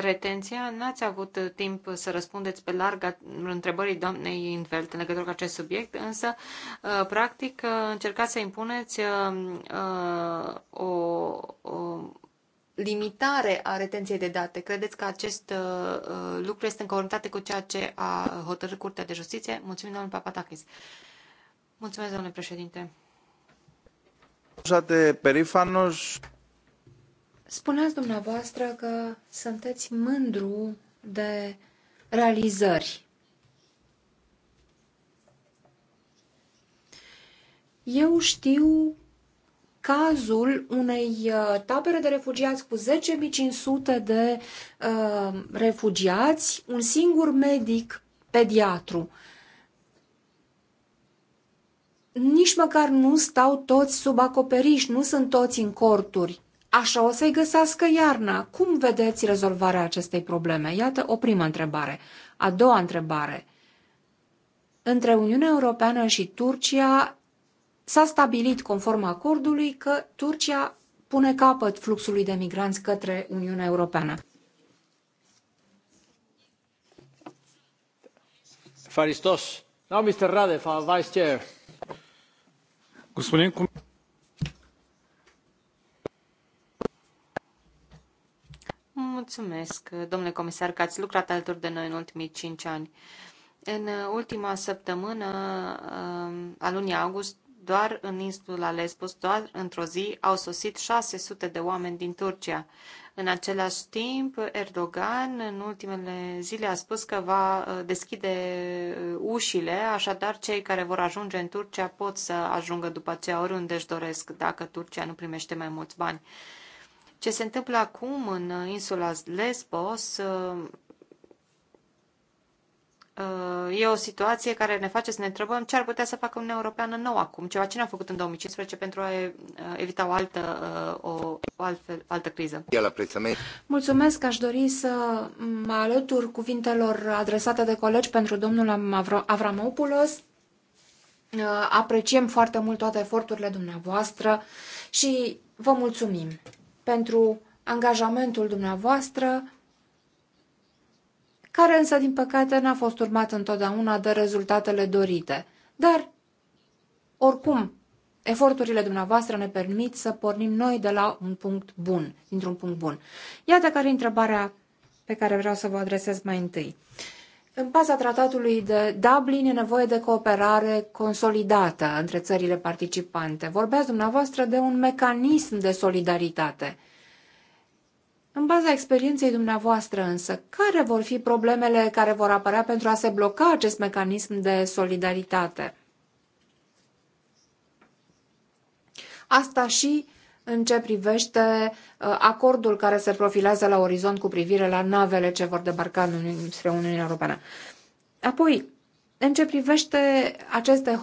retenția. N-ați avut timp să răspundeți pe larg întrebării doamnei Invelt în legătură cu acest subiect, însă, uh, practic, uh, încercați să impuneți uh, o, o limitare a retenției de date. Credeți că acest lucru este în conformitate cu ceea ce a hotărât Curtea de Justiție? Mulțumim, domnul Papatakis. Mulțumesc, domnule președinte. Usate perifanos Spuneați dumneavoastră că sunteți mândru de realizări. Eu știu cazul unei uh, tabere de refugiați cu 10.500 de uh, refugiați, un singur medic pediatru. Nici măcar nu stau toți sub acoperiș, nu sunt toți în corturi. Așa o să-i găsească iarna. Cum vedeți rezolvarea acestei probleme? Iată o primă întrebare. A doua întrebare. Între Uniunea Europeană și Turcia s-a stabilit conform acordului că Turcia pune capăt fluxului de migranți către Uniunea Europeană. Faristos. Now Mr. Radev, our vice chair. Господин mulțumesc, domnule comisar, că ați lucrat alături de noi în ultimii cinci ani. În ultima săptămână um, a lunii august, doar în insula Lesbos, doar într-o zi, au sosit 600 de oameni din Turcia. În același timp, Erdogan în ultimele zile a spus că va uh, deschide uh, ușile, așadar cei care vor ajunge în Turcia pot să ajungă după aceea oriunde își doresc, dacă Turcia nu primește mai mulți bani. Ce se întâmplă acum în uh, insula Lesbos uh, uh, e o situație care ne face să ne întrebăm ce ar putea să facă Uniunea Europeană nou acum, ceva ce n-a făcut în 2015 pentru a evita o altă, o, o altfel, altă criză. Mulțumesc, aș dori să mă alătur cuvintelor adresate de colegi pentru domnul Avramopoulos. Apreciem foarte mult toate eforturile dumneavoastră și vă mulțumim pentru angajamentul dumneavoastră, care însă, din păcate, n-a fost urmat întotdeauna de rezultatele dorite. Dar, oricum, eforturile dumneavoastră ne permit să pornim noi de la un punct bun, dintr-un punct bun. Iată care e întrebarea pe care vreau să vă adresez mai întâi. Uh, în baza tratatului de Dublin e nevoie de cooperare consolidată între țările participante. Vorbeați dumneavoastră de un mecanism de solidaritate. În baza experienței dumneavoastră însă, care vor fi problemele care vor apărea pentru a se bloca acest mecanism de solidaritate? Asta și în ce privește uh, acordul care se profilează la orizont cu privire la navele ce vor debarca în spre Uniunea Europeană. Apoi, în ce privește aceste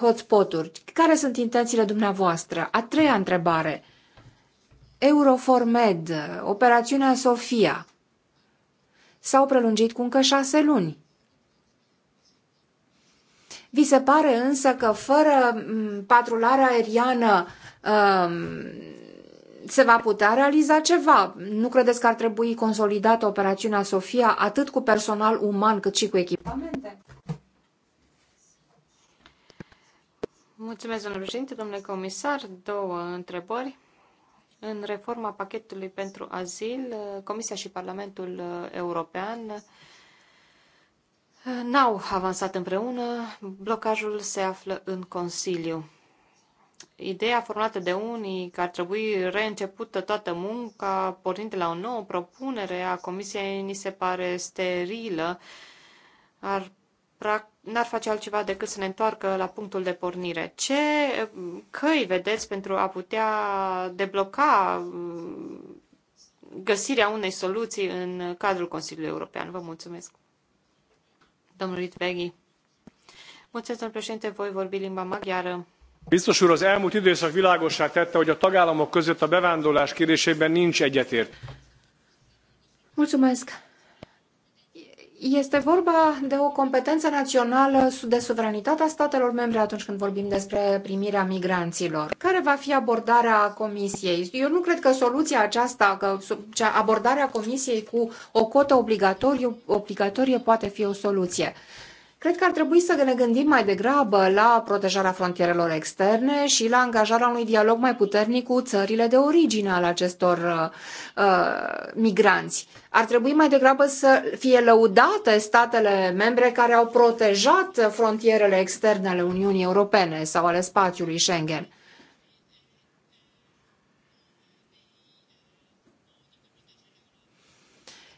hotspot-uri, care sunt intențiile dumneavoastră? A treia întrebare. Euroformed, operațiunea Sofia, s-au prelungit cu încă șase luni. Vi se pare însă că fără patrularea aeriană Um, se va putea realiza ceva. Nu credeți că ar trebui consolidată operațiunea Sofia atât cu personal uman cât și cu echipamente? Mulțumesc, domnule președinte, domnule comisar. Două întrebări. În reforma pachetului pentru azil, Comisia și Parlamentul European n-au avansat împreună. Blocajul se află în Consiliu ideea formulată de unii că ar trebui reîncepută toată munca, pornind de la o nouă propunere a Comisiei, ni se pare sterilă. Ar n-ar face altceva decât să ne întoarcă la punctul de pornire. Ce mm, căi vedeți pentru a putea debloca mm, găsirea unei soluții în cadrul Consiliului European? Vă mulțumesc. Domnul Ritveghi. Mulțumesc, domnul președinte, voi vorbi limba maghiară. Biztos úr, az elmúlt időszak világossá tette, hogy a tagállamok között a bevándorlás kérésében nincs egyetért. Mulțumesc. Este vorba de o competență națională de suveranitatea statelor membre atunci când vorbim despre primirea migranților. Care va fi abordarea comisiei? Eu nu cred că soluția aceasta, că abordarea comisiei cu o cotă obligatorie, obligatorie poate fi o soluție. Cred că ar trebui să ne gândim mai degrabă la protejarea frontierelor externe și la angajarea unui dialog mai puternic cu țările de origine al acestor uh, uh, migranți. Ar trebui mai degrabă să fie lăudate statele membre care au protejat frontierele externe ale Uniunii Europene sau ale spațiului Schengen.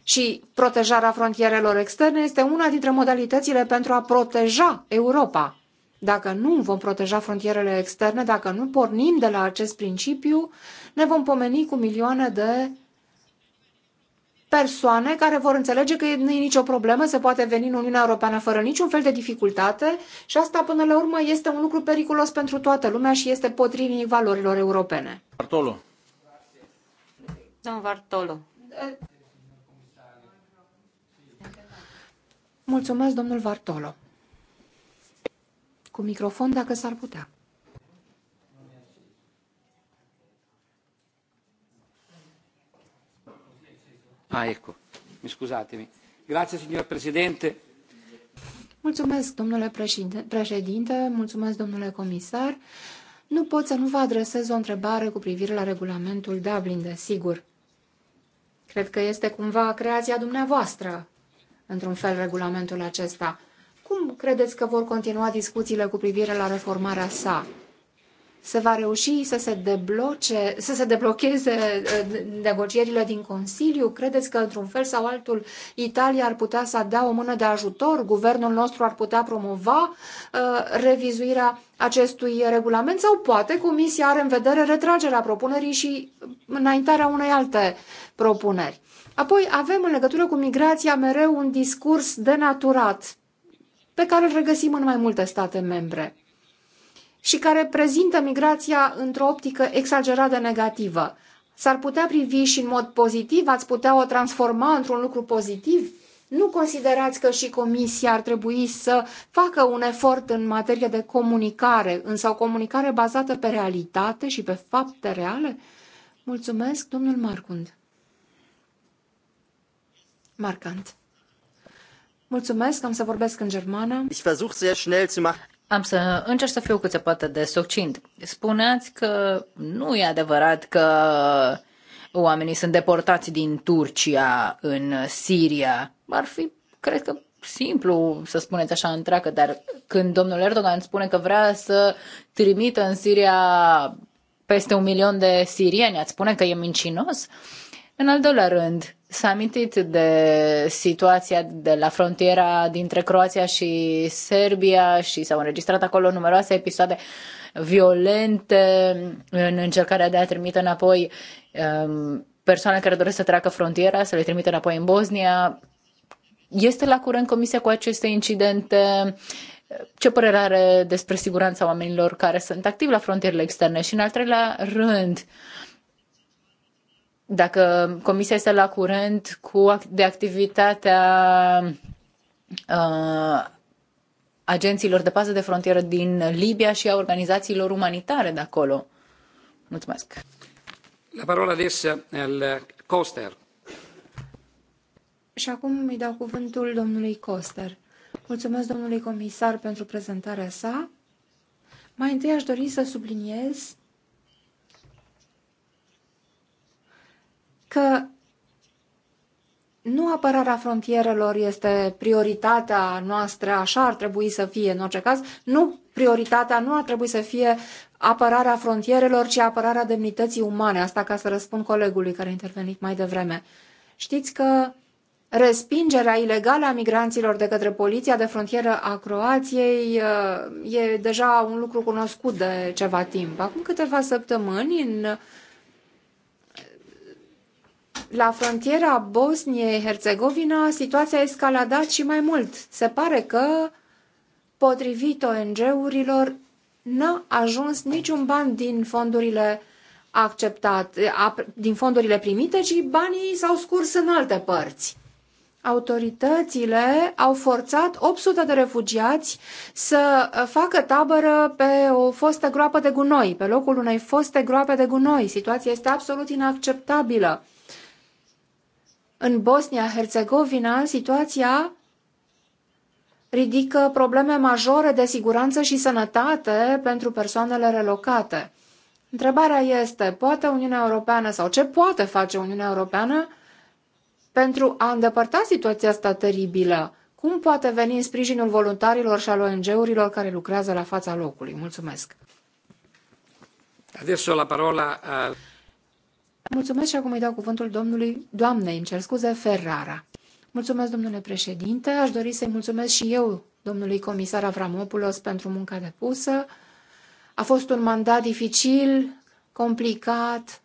și protejarea frontierelor externe este una dintre modalitățile pentru a proteja Europa. Dacă nu vom proteja frontierele externe, dacă nu pornim de la acest principiu, ne vom pomeni cu milioane de persoane care vor înțelege că nu e nicio problemă, se poate veni în Uniunea Europeană fără niciun fel de dificultate și asta până la urmă este un lucru periculos pentru toată lumea și este potrivit valorilor europene. Bartolo. Domnul Bartolo. Eh, Mulțumesc, domnul Vartolo. Cu microfon, dacă s-ar putea. Ah, ecco. Mi scuzatemi. Grazie, signor Presidente. Mulțumesc, domnule președinte, mulțumesc, domnule comisar. Nu pot să nu vă adresez o întrebare cu privire la regulamentul Dublin, desigur. Cred că este cumva creația dumneavoastră, într-un fel, regulamentul acesta. Cum credeți că vor continua discuțiile cu privire la reformarea sa? Se va reuși să se, debloce, să se deblocheze uh, negocierile din Consiliu? Credeți că, într-un fel sau altul, Italia ar putea să dea o mână de ajutor? Guvernul nostru ar putea promova uh, revizuirea acestui regulament? Sau poate Comisia are în vedere retragerea propunerii și înaintarea unei alte propuneri? Apoi avem în legătură cu migrația mereu un discurs denaturat, pe care îl regăsim în mai multe state membre și care prezintă migrația într-o optică exagerat de negativă. S-ar putea privi și în mod pozitiv? Ați putea o transforma într-un lucru pozitiv? Nu considerați că și Comisia ar trebui să facă un efort în materie de comunicare, însă o comunicare bazată pe realitate și pe fapte reale? Mulțumesc, domnul Marcund marcant. Mulțumesc, am să vorbesc în germană. Ich versuch sehr schnell zu machen. Am să încerc să fiu cât se poate de succint. Spuneați că nu e adevărat că oamenii sunt deportați din Turcia în Siria. Ar fi, cred că, simplu să spuneți așa întreagă, dar când domnul Erdogan spune că vrea să trimită în Siria peste un milion de sirieni, ați spune că e mincinos? În al doilea rând, S-a amintit de situația de la frontiera dintre Croația și Serbia și s-au înregistrat acolo numeroase episoade violente în încercarea de a trimite înapoi um, persoane care doresc să treacă frontiera, să le trimite înapoi în Bosnia. Este la curent Comisia cu aceste incidente? Ce părere are despre siguranța oamenilor care sunt activi la frontierele externe? Și în al treilea rând, dacă comisia este la curent cu, de activitatea uh, agențiilor de pază de frontieră din Libia și a organizațiilor umanitare de acolo. Mulțumesc. La parola adesea, al Coster. Și acum îi dau cuvântul domnului Coster. Mulțumesc domnului comisar pentru prezentarea sa. Mai întâi aș dori să subliniez că nu apărarea frontierelor este prioritatea noastră, așa ar trebui să fie în orice caz. Nu, prioritatea nu ar trebui să fie apărarea frontierelor, ci apărarea demnității umane. Asta ca să răspund colegului care a intervenit mai devreme. Știți că respingerea ilegală a migranților de către poliția de frontieră a Croației uh, e deja un lucru cunoscut de ceva timp. Acum câteva săptămâni, în la frontiera Bosniei-Herzegovina situația a escaladat și mai mult. Se pare că, potrivit ONG-urilor, n-a ajuns niciun ban din fondurile acceptate, din fondurile primite, ci banii s-au scurs în alte părți. Autoritățile au forțat 800 de refugiați să facă tabără pe o fostă groapă de gunoi, pe locul unei foste groape de gunoi. Situația este absolut inacceptabilă în Bosnia-Herzegovina situația ridică probleme majore de siguranță și sănătate pentru persoanele relocate. Întrebarea este, poate Uniunea Europeană sau ce poate face Uniunea Europeană pentru a îndepărta situația asta teribilă? Cum poate veni în sprijinul voluntarilor și al ONG-urilor care lucrează la fața locului? Mulțumesc! Adesso la parola Mulțumesc și acum îi dau cuvântul domnului, doamnei, îmi cer scuze, Ferrara. Mulțumesc, domnule președinte. Aș dori să-i mulțumesc și eu, domnului comisar Avramopoulos, pentru munca depusă. A fost un mandat dificil, complicat.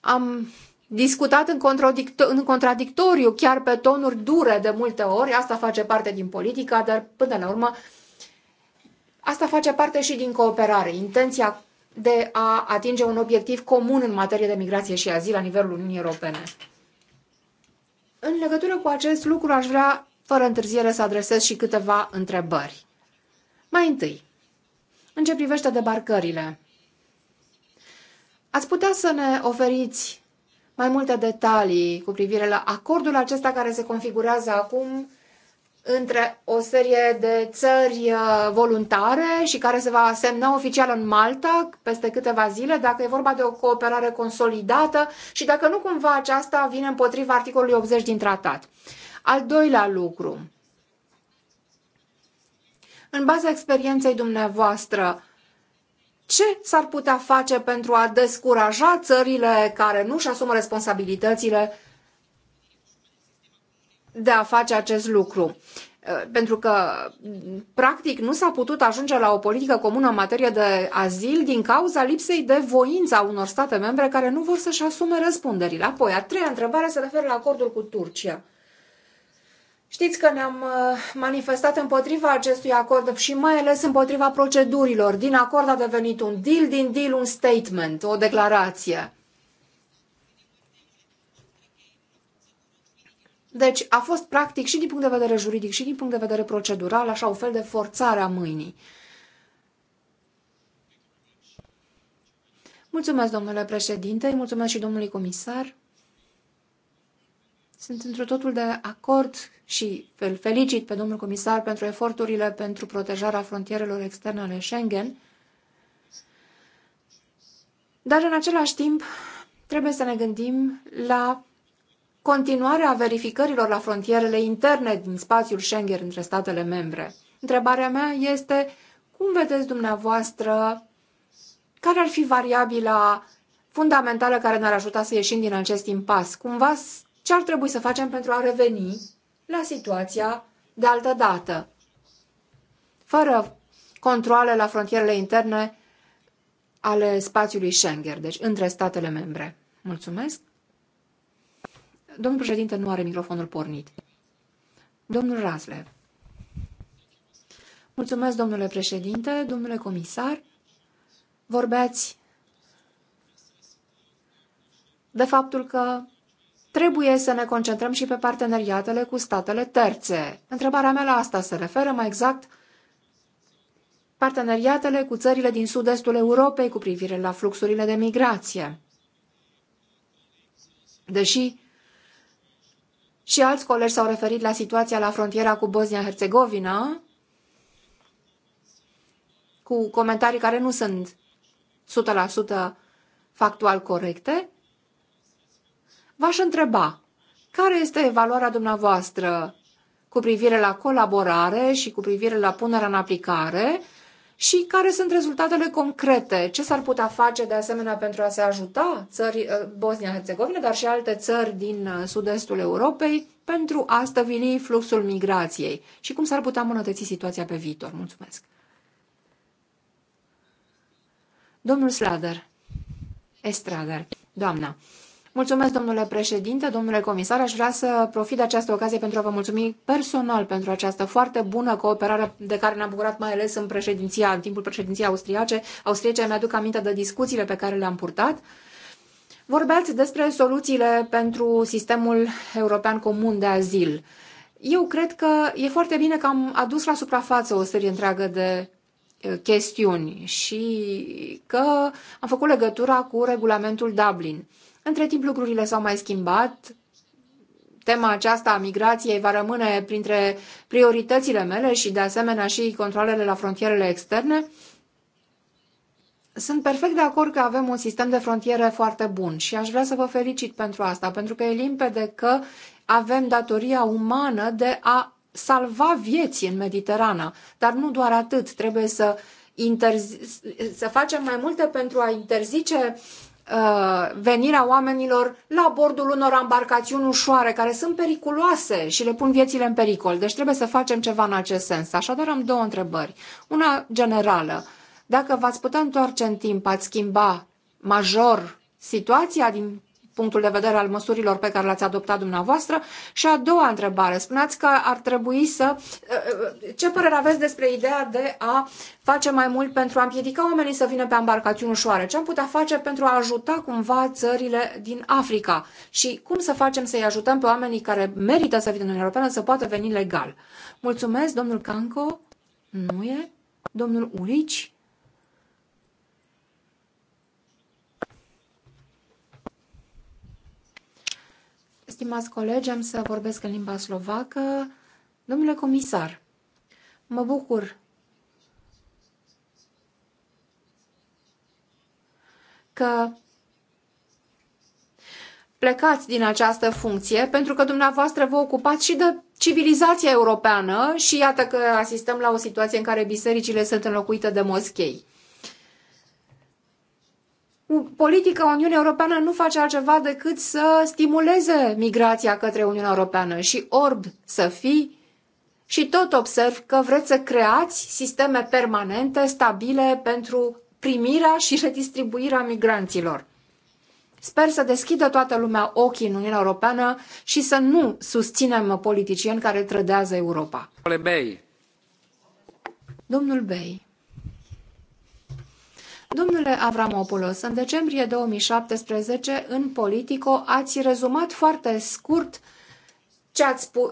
Am discutat în, contradictor, în contradictoriu, chiar pe tonuri dure de multe ori. Asta face parte din politica, dar până la urmă Asta face parte și din cooperare. Intenția de a atinge un obiectiv comun în materie de migrație și azil la nivelul Uniunii Europene. În legătură cu acest lucru, aș vrea, fără întârziere, să adresez și câteva întrebări. Mai întâi, în ce privește debarcările, ați putea să ne oferiți mai multe detalii cu privire la acordul acesta care se configurează acum între o serie de țări uh, voluntare și care se va semna oficial în Malta peste câteva zile, dacă e vorba de o cooperare consolidată și dacă nu cumva aceasta vine împotriva articolului 80 din tratat. Al doilea lucru. În baza experienței dumneavoastră, ce s-ar putea face pentru a descuraja țările care nu și asumă responsabilitățile de a face acest lucru. Uh, pentru că, practic, nu s-a putut ajunge la o politică comună în materie de azil din cauza lipsei de voință a unor state membre care nu vor să-și asume răspunderile. Apoi, a treia întrebare se referă la acordul cu Turcia. Știți că ne-am uh, manifestat împotriva acestui acord și mai ales împotriva procedurilor. Din acord a devenit un deal, din deal un statement, o declarație. Deci a fost practic și din punct de vedere juridic și din punct de vedere procedural așa un fel de forțare a mâinii. Mulțumesc, domnule președinte, mulțumesc și domnului comisar. Sunt într totul de acord și îl felicit pe domnul comisar pentru eforturile pentru protejarea frontierelor externe ale Schengen. Dar în același timp trebuie să ne gândim la continuarea verificărilor la frontierele interne din spațiul Schengen între statele membre. Întrebarea mea este cum vedeți dumneavoastră care ar fi variabila fundamentală care ne-ar ajuta să ieșim din acest impas? Cumva ce ar trebui să facem pentru a reveni la situația de altă dată? Fără controle la frontierele interne ale spațiului Schengen, deci între statele membre. Mulțumesc! Domnul președinte nu are microfonul pornit. Domnul Raslev. Mulțumesc, domnule președinte, domnule comisar. Vorbeați de faptul că trebuie să ne concentrăm și pe parteneriatele cu statele terțe. Întrebarea mea la asta se referă mai exact parteneriatele cu țările din sud-estul Europei cu privire la fluxurile de migrație. Deși și alți colegi s-au referit la situația la frontiera cu Bosnia-Herzegovina, cu comentarii care nu sunt 100% factual corecte, v-aș întreba care este valoarea dumneavoastră cu privire la colaborare și cu privire la punerea în aplicare și care sunt rezultatele concrete? Ce s-ar putea face de asemenea pentru a se ajuta țări uh, Bosnia-Herzegovina, dar și alte țări din uh, sud-estul Europei pentru a stăvili fluxul migrației? Și cum s-ar putea îmbunătăți situația pe viitor? Mulțumesc! Domnul Slader, Estrader, doamna, Mulțumesc, domnule președinte, domnule comisar. Aș vrea să profit de această ocazie pentru a vă mulțumi personal pentru această foarte bună cooperare de care ne-am bucurat mai ales în președinția, în timpul președinției austriace. Austriece mi-aduc aminte de discuțiile pe care le-am purtat. Vorbeați despre soluțiile pentru sistemul european comun de azil. Eu cred că e foarte bine că am adus la suprafață o serie întreagă de chestiuni și că am făcut legătura cu regulamentul Dublin. Între timp lucrurile s-au mai schimbat, tema aceasta a migrației va rămâne printre prioritățile mele și de asemenea și controlele la frontierele externe. Sunt perfect de acord că avem un sistem de frontiere foarte bun și aș vrea să vă felicit pentru asta, pentru că e limpede că avem datoria umană de a salva vieți în Mediterana. Dar nu doar atât, trebuie să, interzi- să facem mai multe pentru a interzice Uh, venirea oamenilor la bordul unor embarcațiuni ușoare, care sunt periculoase și le pun viețile în pericol. Deci trebuie să facem ceva în acest sens. Așadar am două întrebări. Una generală. Dacă v-ați putea întoarce în timp, ați schimba major situația din punctul de vedere al măsurilor pe care le-ați adoptat dumneavoastră? Și a doua întrebare, spuneați că ar trebui să... Ă, ă, ce părere aveți despre ideea de a face mai mult pentru a împiedica oamenii să vină pe embarcațiuni ușoare? Ce am putea face pentru a ajuta cumva țările din Africa? Și cum să facem să-i ajutăm pe oamenii care merită să vină în Uniunea Europeană să poată veni legal? Mulțumesc, domnul Canco. Nu e? Domnul Urici? Stimați colegi, am să vorbesc în limba slovacă. Domnule comisar, mă bucur că plecați din această funcție, pentru că dumneavoastră vă ocupați și de civilizația europeană și iată că asistăm la o situație în care bisericile sunt înlocuite de moschei politică Uniunea Europeană nu face altceva decât să stimuleze migrația către Uniunea Europeană și orb să fii și tot observ că vreți să creați sisteme permanente, stabile pentru primirea și redistribuirea migranților. Sper să deschidă toată lumea ochii în Uniunea Europeană și să nu susținem politicieni care trădează Europa. Domnul Bey. Domnule Avramopoulos, în decembrie 2017, în Politico, ați rezumat foarte scurt ce ați spus,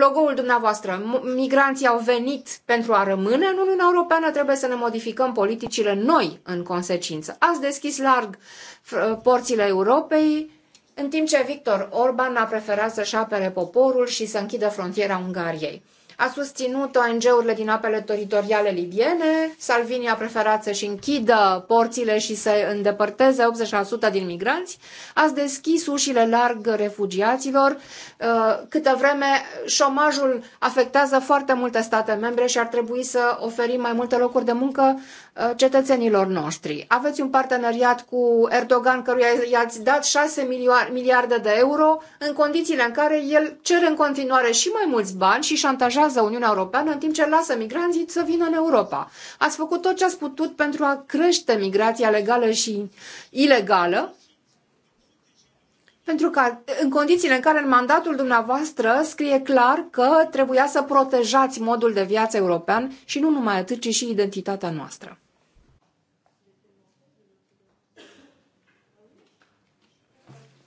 logo-ul dumneavoastră. Migranții au venit pentru a rămâne în Uniunea Europeană, trebuie să ne modificăm politicile noi în consecință. Ați deschis larg porțile Europei, în timp ce Victor Orban a preferat să-și apere poporul și să închidă frontiera Ungariei a susținut ONG-urile din apele teritoriale libiene. Salvini a preferat să-și închidă porțile și să îndepărteze 80% din migranți. Ați deschis ușile larg refugiaților. Uh, Câtă vreme șomajul afectează foarte multe state membre și ar trebui să oferim mai multe locuri de muncă Uh, cetățenilor noștri. Aveți un parteneriat cu Erdogan căruia i-ați dat 6 miliarde de euro în condițiile în care el cere în continuare și mai mulți bani și șantajează Uniunea Europeană în timp ce lasă migranții să vină în Europa. Ați făcut tot ce ați putut pentru a crește migrația legală și ilegală pentru că în condițiile în care în mandatul dumneavoastră scrie clar că trebuia să protejați modul de viață european și nu numai atât, ci și identitatea noastră.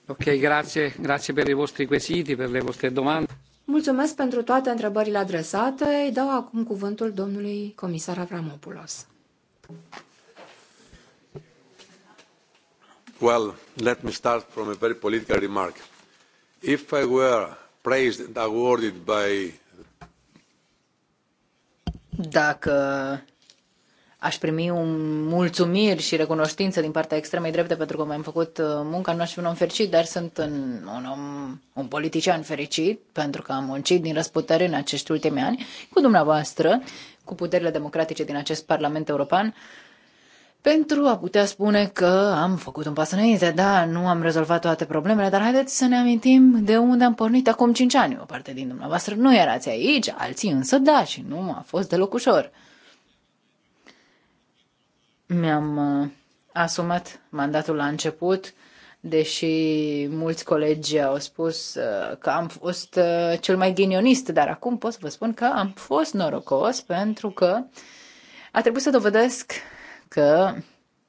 Ok, grazie, grazie per i vostri quesiti, per le vostre domande. Mulțumesc pentru toate întrebările adresate. Îi dau acum cuvântul domnului comisar Avramopoulos. Well, Let me start from a very political remark. If I were praised and awarded by dacă aș primi un mulțumiri și recunoștință din partea extremei drepte pentru că mi-am făcut uh, munca, nu aș fi un om fericit, dar sunt un, un, om, un politician fericit pentru că am muncit din răsputare în acești ultimi ani cu dumneavoastră, cu puterile democratice din acest Parlament European pentru a putea spune că am făcut un pas înainte, da, nu am rezolvat toate problemele, dar haideți să ne amintim de unde am pornit acum 5 ani. O parte din dumneavoastră nu erați aici, alții însă da și nu a fost deloc ușor. Mi-am uh, asumat mandatul la început, deși mulți colegi au spus uh, că am fost uh, cel mai ghinionist, dar acum pot să vă spun că am fost norocos pentru că a trebuit să dovedesc că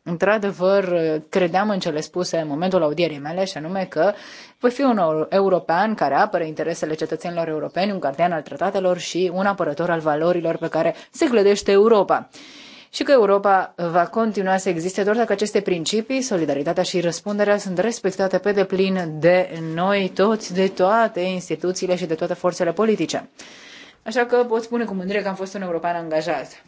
într-adevăr, credeam în cele spuse în momentul audierii mele, și anume că voi fi un european care apără interesele cetățenilor europeni, un gardian al tratatelor și un apărător al valorilor pe care se clădește Europa. Și că Europa va continua să existe doar dacă aceste principii, solidaritatea și răspunderea sunt respectate pe deplin de noi toți, de toate instituțiile și de toate forțele politice. Așa că pot spune cu mândrie că am fost un european angajat.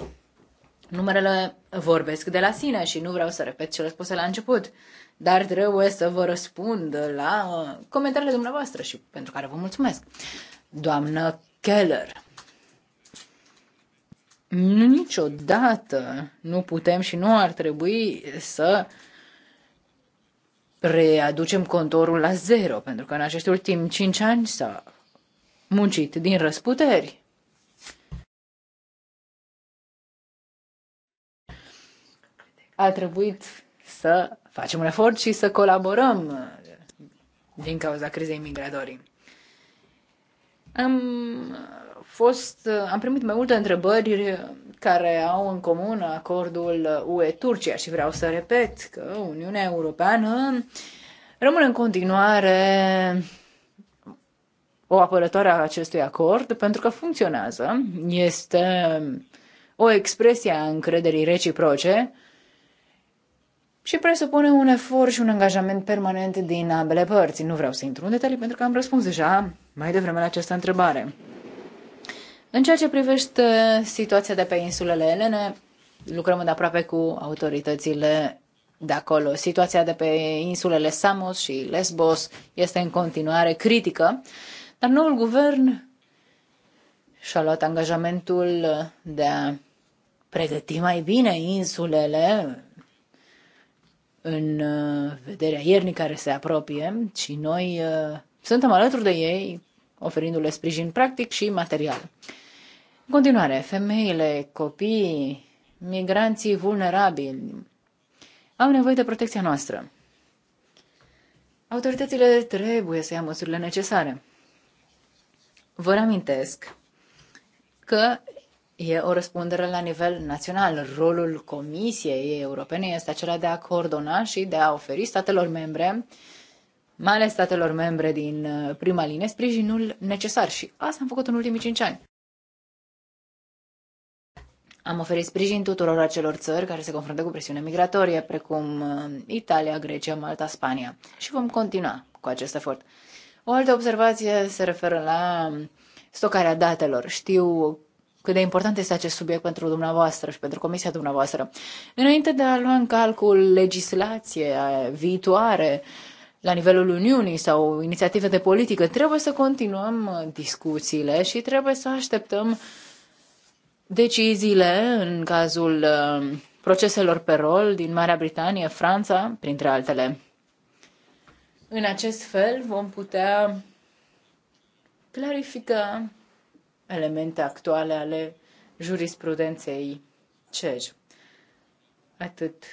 Numerele vorbesc de la sine și nu vreau să repet ce le spuse la început, dar trebuie să vă răspund la uh, comentariile dumneavoastră și pentru care vă mulțumesc. Doamnă Keller, nu niciodată nu putem și nu ar trebui să readucem contorul la zero, pentru că în acești ultimi 5 ani s-a muncit din răsputeri a trebuit să facem un efort și să colaborăm uh, din cauza crizei migratorii. Am uh, fost, uh, am primit mai multe întrebări care au în comun acordul UE-Turcia și vreau să repet că Uniunea Europeană rămâne în continuare o apărătoare a acestui acord pentru că funcționează, este um, o expresie a încrederii reciproce și presupune un efort și un angajament permanent din ambele părți. Nu vreau să intru în detalii pentru că am răspuns deja mai devreme la această întrebare. În ceea ce privește situația de pe insulele Elene, lucrăm de aproape cu autoritățile de acolo. Situația de pe insulele Samos și Lesbos este în continuare critică, dar noul guvern și-a luat angajamentul de a pregăti mai bine insulele în uh, vederea iernii care se apropie și noi uh, suntem alături de ei, oferindu-le sprijin practic și material. În continuare, femeile, copiii, migranții vulnerabili au nevoie de protecția noastră. Autoritățile trebuie să ia măsurile necesare. Vă reamintesc că E o răspundere la nivel național. Rolul Comisiei Europene este acela de a coordona și de a oferi statelor membre, mai ales statelor membre din uh, prima linie, sprijinul necesar. Și asta am făcut în ultimii cinci ani. Am oferit sprijin tuturor acelor țări care se confruntă cu presiune migratorie, precum uh, Italia, Grecia, Malta, Spania. Și vom continua cu acest efort. O altă observație se referă la stocarea datelor. Știu cât de important este acest subiect pentru dumneavoastră și pentru comisia dumneavoastră. Înainte de a lua în calcul legislație viitoare la nivelul Uniunii sau inițiative de politică, trebuie să continuăm discuțiile și trebuie să așteptăm deciziile în cazul uh, proceselor pe rol din Marea Britanie, Franța, printre altele. În acest fel vom putea clarifica elemente actuale ale jurisprudenței CER. Atât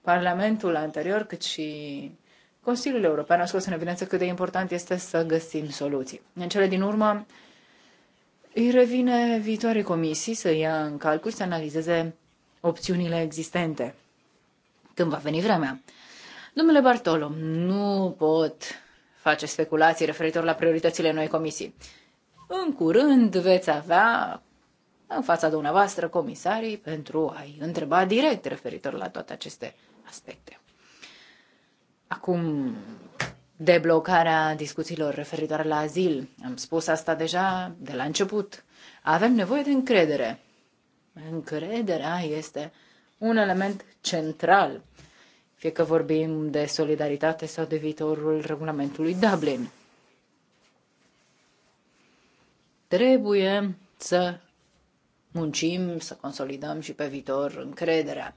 Parlamentul anterior, cât și Consiliul European a scos în evidență cât de important este să găsim soluții. În cele din urmă, îi revine viitoare comisii să ia în calcul, să analizeze opțiunile existente. Când va veni vremea. Domnule Bartolo, nu pot face speculații referitor la prioritățile noi comisii. În curând veți avea în fața dumneavoastră comisarii pentru a-i întreba direct referitor la toate aceste aspecte. Acum, deblocarea discuțiilor referitoare la azil. Am spus asta deja de la început. Avem nevoie de încredere. Încrederea este un element central, fie că vorbim de solidaritate sau de viitorul regulamentului Dublin. Trebuie să muncim, să consolidăm și pe viitor încrederea.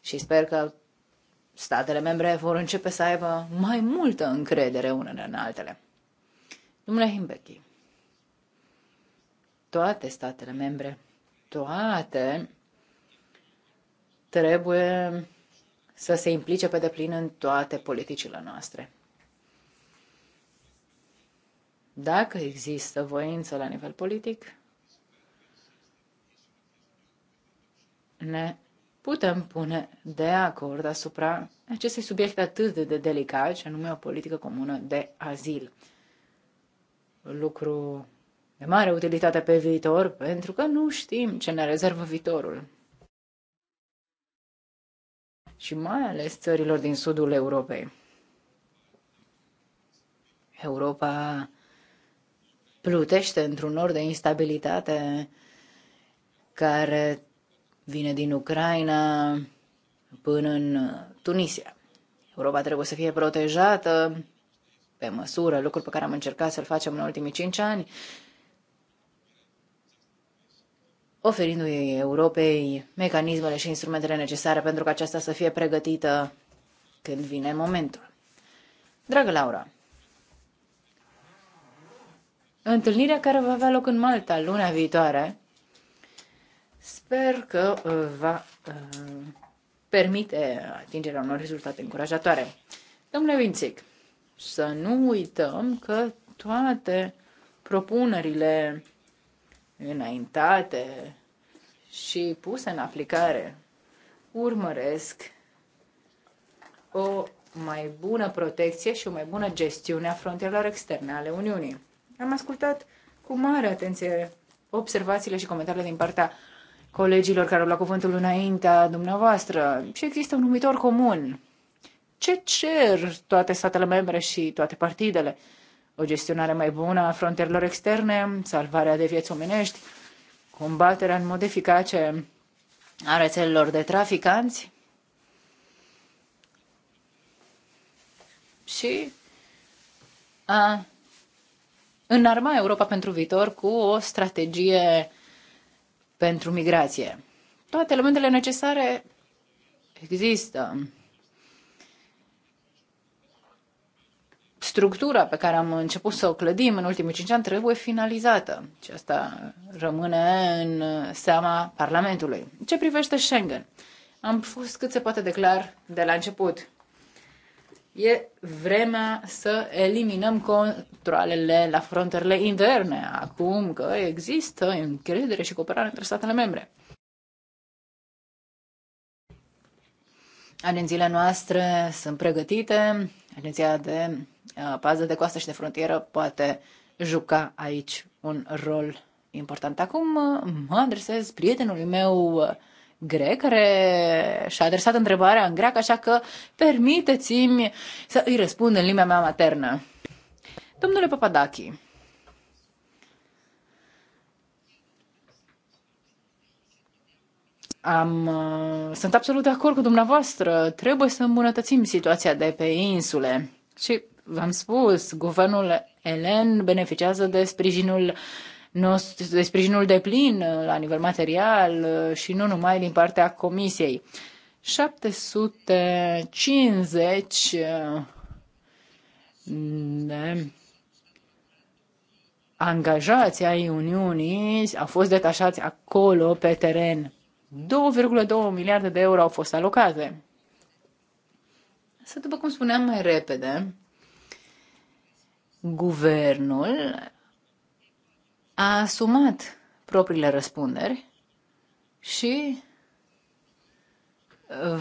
Și sper că statele membre vor începe să aibă mai multă încredere unele în altele. Domnule Himbechi, toate statele membre, toate trebuie să se implice pe deplin în toate politicile noastre. Dacă există voință la nivel politic, ne putem pune de acord asupra acestui subiect atât de delicat, și anume o politică comună de azil. Lucru de mare utilitate pe viitor, pentru că nu știm ce ne rezervă viitorul. Și mai ales țărilor din sudul Europei. Europa plutește într-un nor de instabilitate care vine din Ucraina până în Tunisia. Europa trebuie să fie protejată pe măsură, lucruri pe care am încercat să-l facem în ultimii cinci ani, oferindu-i Europei mecanismele și instrumentele necesare pentru ca aceasta să fie pregătită când vine momentul. Dragă Laura, întâlnirea care va avea loc în Malta luna viitoare. Sper că uh, va uh, permite atingerea unor rezultate încurajatoare. Domnule Vințic, să nu uităm că toate propunerile înaintate și puse în aplicare urmăresc o mai bună protecție și o mai bună gestiune a frontierelor externe ale Uniunii. Am ascultat cu mare atenție observațiile și comentariile din partea colegilor care au luat cuvântul înaintea dumneavoastră și există un numitor comun. Ce cer toate statele membre și toate partidele? O gestionare mai bună a frontierelor externe, salvarea de vieți omenești, combaterea în mod eficace a rețelelor de traficanți și a înarma Europa pentru viitor cu o strategie pentru migrație. Toate elementele necesare există. Structura pe care am început să o clădim în ultimii cinci ani trebuie finalizată și asta rămâne în seama Parlamentului. Ce privește Schengen? Am fost cât se poate declar de la început E vremea să eliminăm controlele la frontierele interne, acum că există încredere și cooperare între statele membre. Agențiile noastre sunt pregătite, agenția de pază de coastă și de frontieră poate juca aici un rol important. Acum mă adresez prietenului meu grec care și-a adresat întrebarea în greacă, așa că permiteți-mi să îi răspund în limba mea maternă. Domnule Papadachi, Am, uh, sunt absolut de acord cu dumneavoastră. Trebuie să îmbunătățim situația de pe insule. Și v-am spus, guvernul Elen beneficiază de sprijinul uh, nostru, de sprijinul de plin uh, la nivel material uh, și nu numai din partea Comisiei. 750 uh, de angajați ai Uniunii au fost detașați acolo pe teren. 2,2 miliarde de euro au fost alocate. Să după cum spuneam mai repede, guvernul a asumat propriile răspunderi și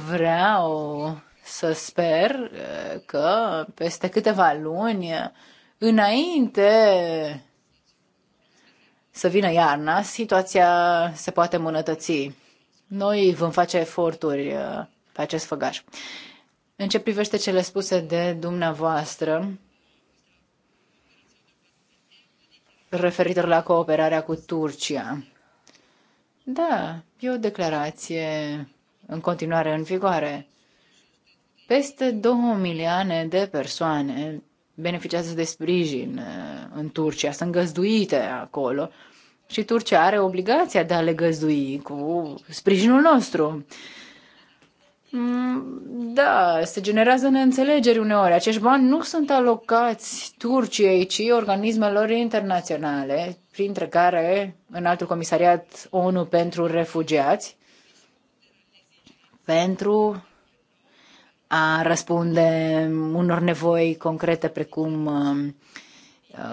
vreau să sper uh, că peste câteva luni, înainte să vină iarna, situația se poate îmbunătăți. Noi vom face eforturi uh, pe acest făgaș. În ce privește cele spuse de dumneavoastră, referitor la cooperarea cu Turcia. Da, e o declarație în continuare în vigoare. Peste 2 milioane de persoane beneficiază de sprijin uh, în Turcia, sunt găzduite acolo și Turcia are obligația de a le găzdui cu sprijinul nostru. Mm, da, se generează neînțelegeri uneori. Acești bani nu sunt alocați Turciei, ci organismelor internaționale, printre care în altul comisariat ONU pentru refugiați, pentru a răspunde unor nevoi concrete precum um,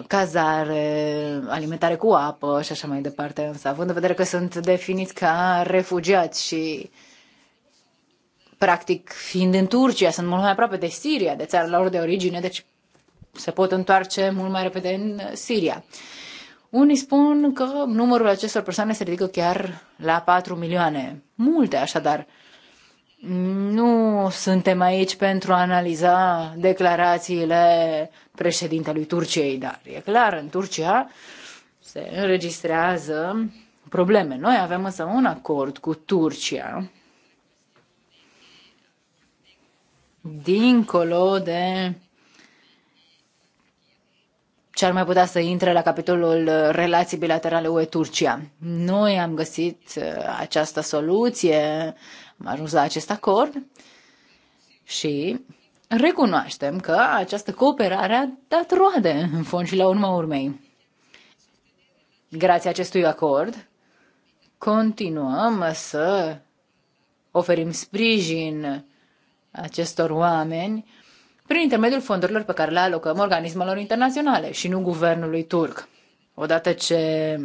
cazare, alimentare cu apă și așa mai departe. Însă, având în vedere că sunt definiți ca refugiați și uh, practic fiind în Turcia, sunt mult mai aproape de Siria, de țara lor de origine, deci se pot întoarce mult mai repede în Siria. Unii spun că numărul acestor persoane se ridică chiar la 4 milioane. Multe, așadar. Nu suntem aici pentru a analiza declarațiile președintelui Turciei, dar e clar, în Turcia se înregistrează probleme. Noi avem însă un acord cu Turcia dincolo de ce ar mai putea să intre la capitolul relații bilaterale UE-Turcia. Noi am găsit uh, această soluție, am ajuns la acest acord și recunoaștem că această cooperare a dat roade, în fond și la urma urmei. Grație acestui acord, continuăm să oferim sprijin acestor oameni prin intermediul fondurilor pe care le alocăm organismelor internaționale și nu guvernului turc. Odată ce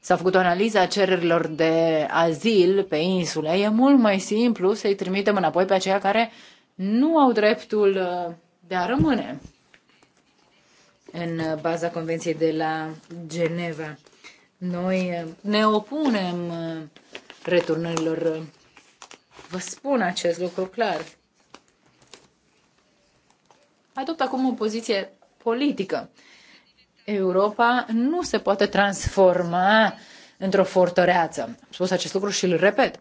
s-a făcut o analiză a cererilor de azil pe insule, e mult mai simplu să-i trimitem înapoi pe aceia care nu au dreptul uh, de a rămâne în uh, baza Convenției de la Geneva. Noi uh, ne opunem returnărilor Vă spun acest lucru clar. Adopt acum o poziție politică. Europa nu se poate transforma într-o fortăreață. Am spus acest lucru și îl repet.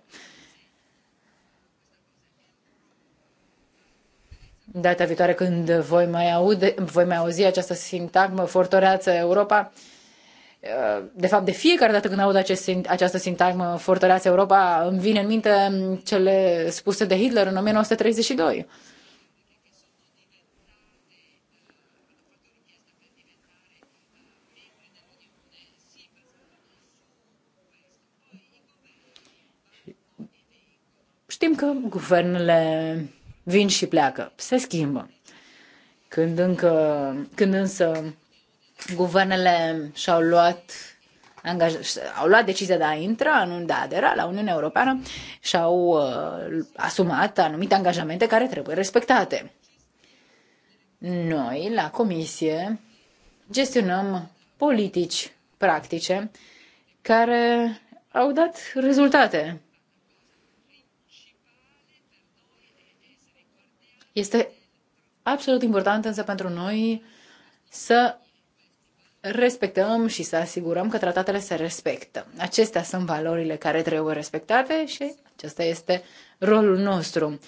Data viitoare când voi mai, aude, voi mai auzi această sintagmă, fortăreață Europa, uh, Uh, de fapt, de fiecare dată când aud acest, această sintagmă, fortăreața Europa, îmi vine în minte cele spuse de Hitler în 1932. Știm că guvernele vin și pleacă, se schimbă. Când, încă, când însă guvernele și-au luat angaj- au luat decizia de a intra, nu de a adera la Uniunea Europeană și au uh, asumat anumite angajamente care trebuie respectate. Noi, la Comisie, gestionăm politici practice care au dat rezultate. Este absolut important însă pentru noi să respectăm și să asigurăm că tratatele se respectă. Acestea sunt valorile care trebuie respectate și acesta este rolul nostru.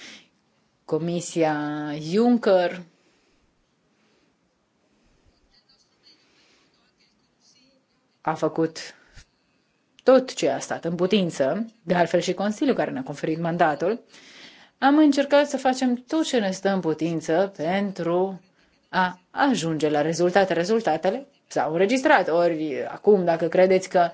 Comisia Juncker a făcut tot ce a stat în putință, de altfel și Consiliul care ne-a conferit mandatul, am încercat să facem tot ce ne stă în putință pentru a ajunge la rezultate. Rezultatele s-au înregistrat. Ori acum, dacă credeți că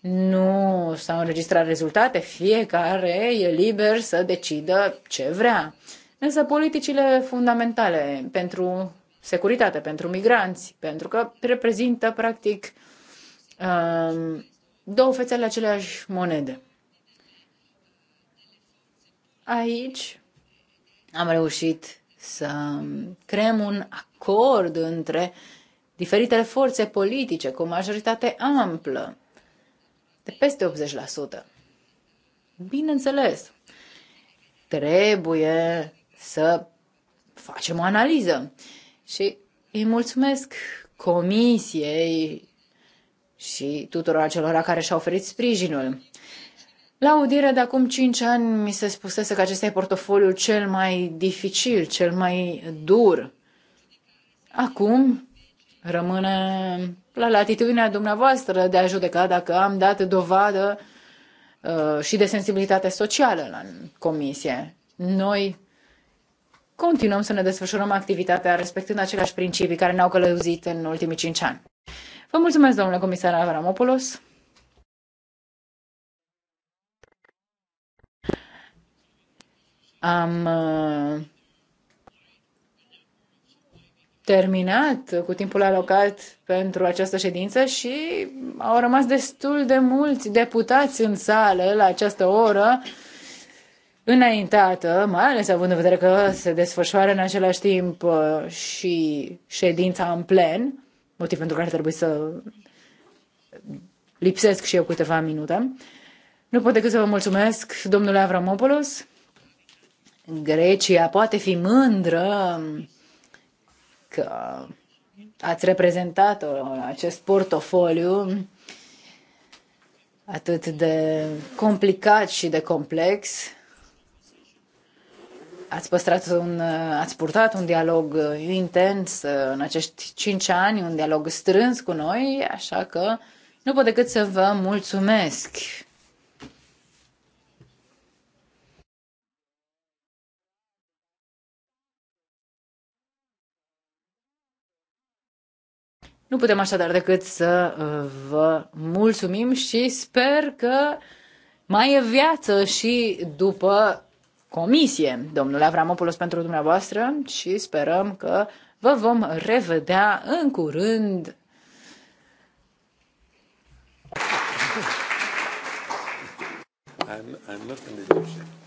nu s-au înregistrat rezultate, fiecare e liber să decidă ce vrea. Însă politicile fundamentale pentru securitate, pentru migranți, pentru că reprezintă practic um, două fețe ale aceleași monede. Aici am reușit să creăm un acord între uh, diferitele forțe politice cu o majoritate amplă, de peste 80%. Bineînțeles, trebuie să facem o analiză și îi mulțumesc comisiei și tuturor acelora care și-au oferit sprijinul. La audiere de acum 5 ani mi se spusese că acesta e portofoliul cel mai dificil, cel mai dur. Acum Rămâne la latitudinea dumneavoastră de a judeca dacă am dat dovadă uh, și de sensibilitate socială la comisie. Noi continuăm să ne desfășurăm activitatea respectând aceleași principii care ne-au călăuzit în ultimii cinci ani. Vă mulțumesc, domnule comisar Avramopoulos. Am uh, terminat cu timpul alocat pentru această ședință și au rămas destul de mulți deputați în sală la această oră înaintată, mai ales având în vedere că se desfășoară în același timp uh, și ședința în plen, motiv pentru care trebuie să lipsesc și eu câteva minute. Nu pot decât să vă mulțumesc, domnule Avramopoulos. Grecia poate fi mândră că ați reprezentat uh, acest portofoliu atât de complicat și de complex. Ați păstrat un, uh, ați purtat un dialog uh, intens în acești cinci ani, un dialog strâns cu noi, așa că nu pot decât să vă mulțumesc. Nu putem așadar decât să uh, vă mulțumim și sper că mai e viață și după comisie, domnule Avramopoulos, pentru dumneavoastră și sperăm că vă vom revedea în curând. I'm, I'm not in the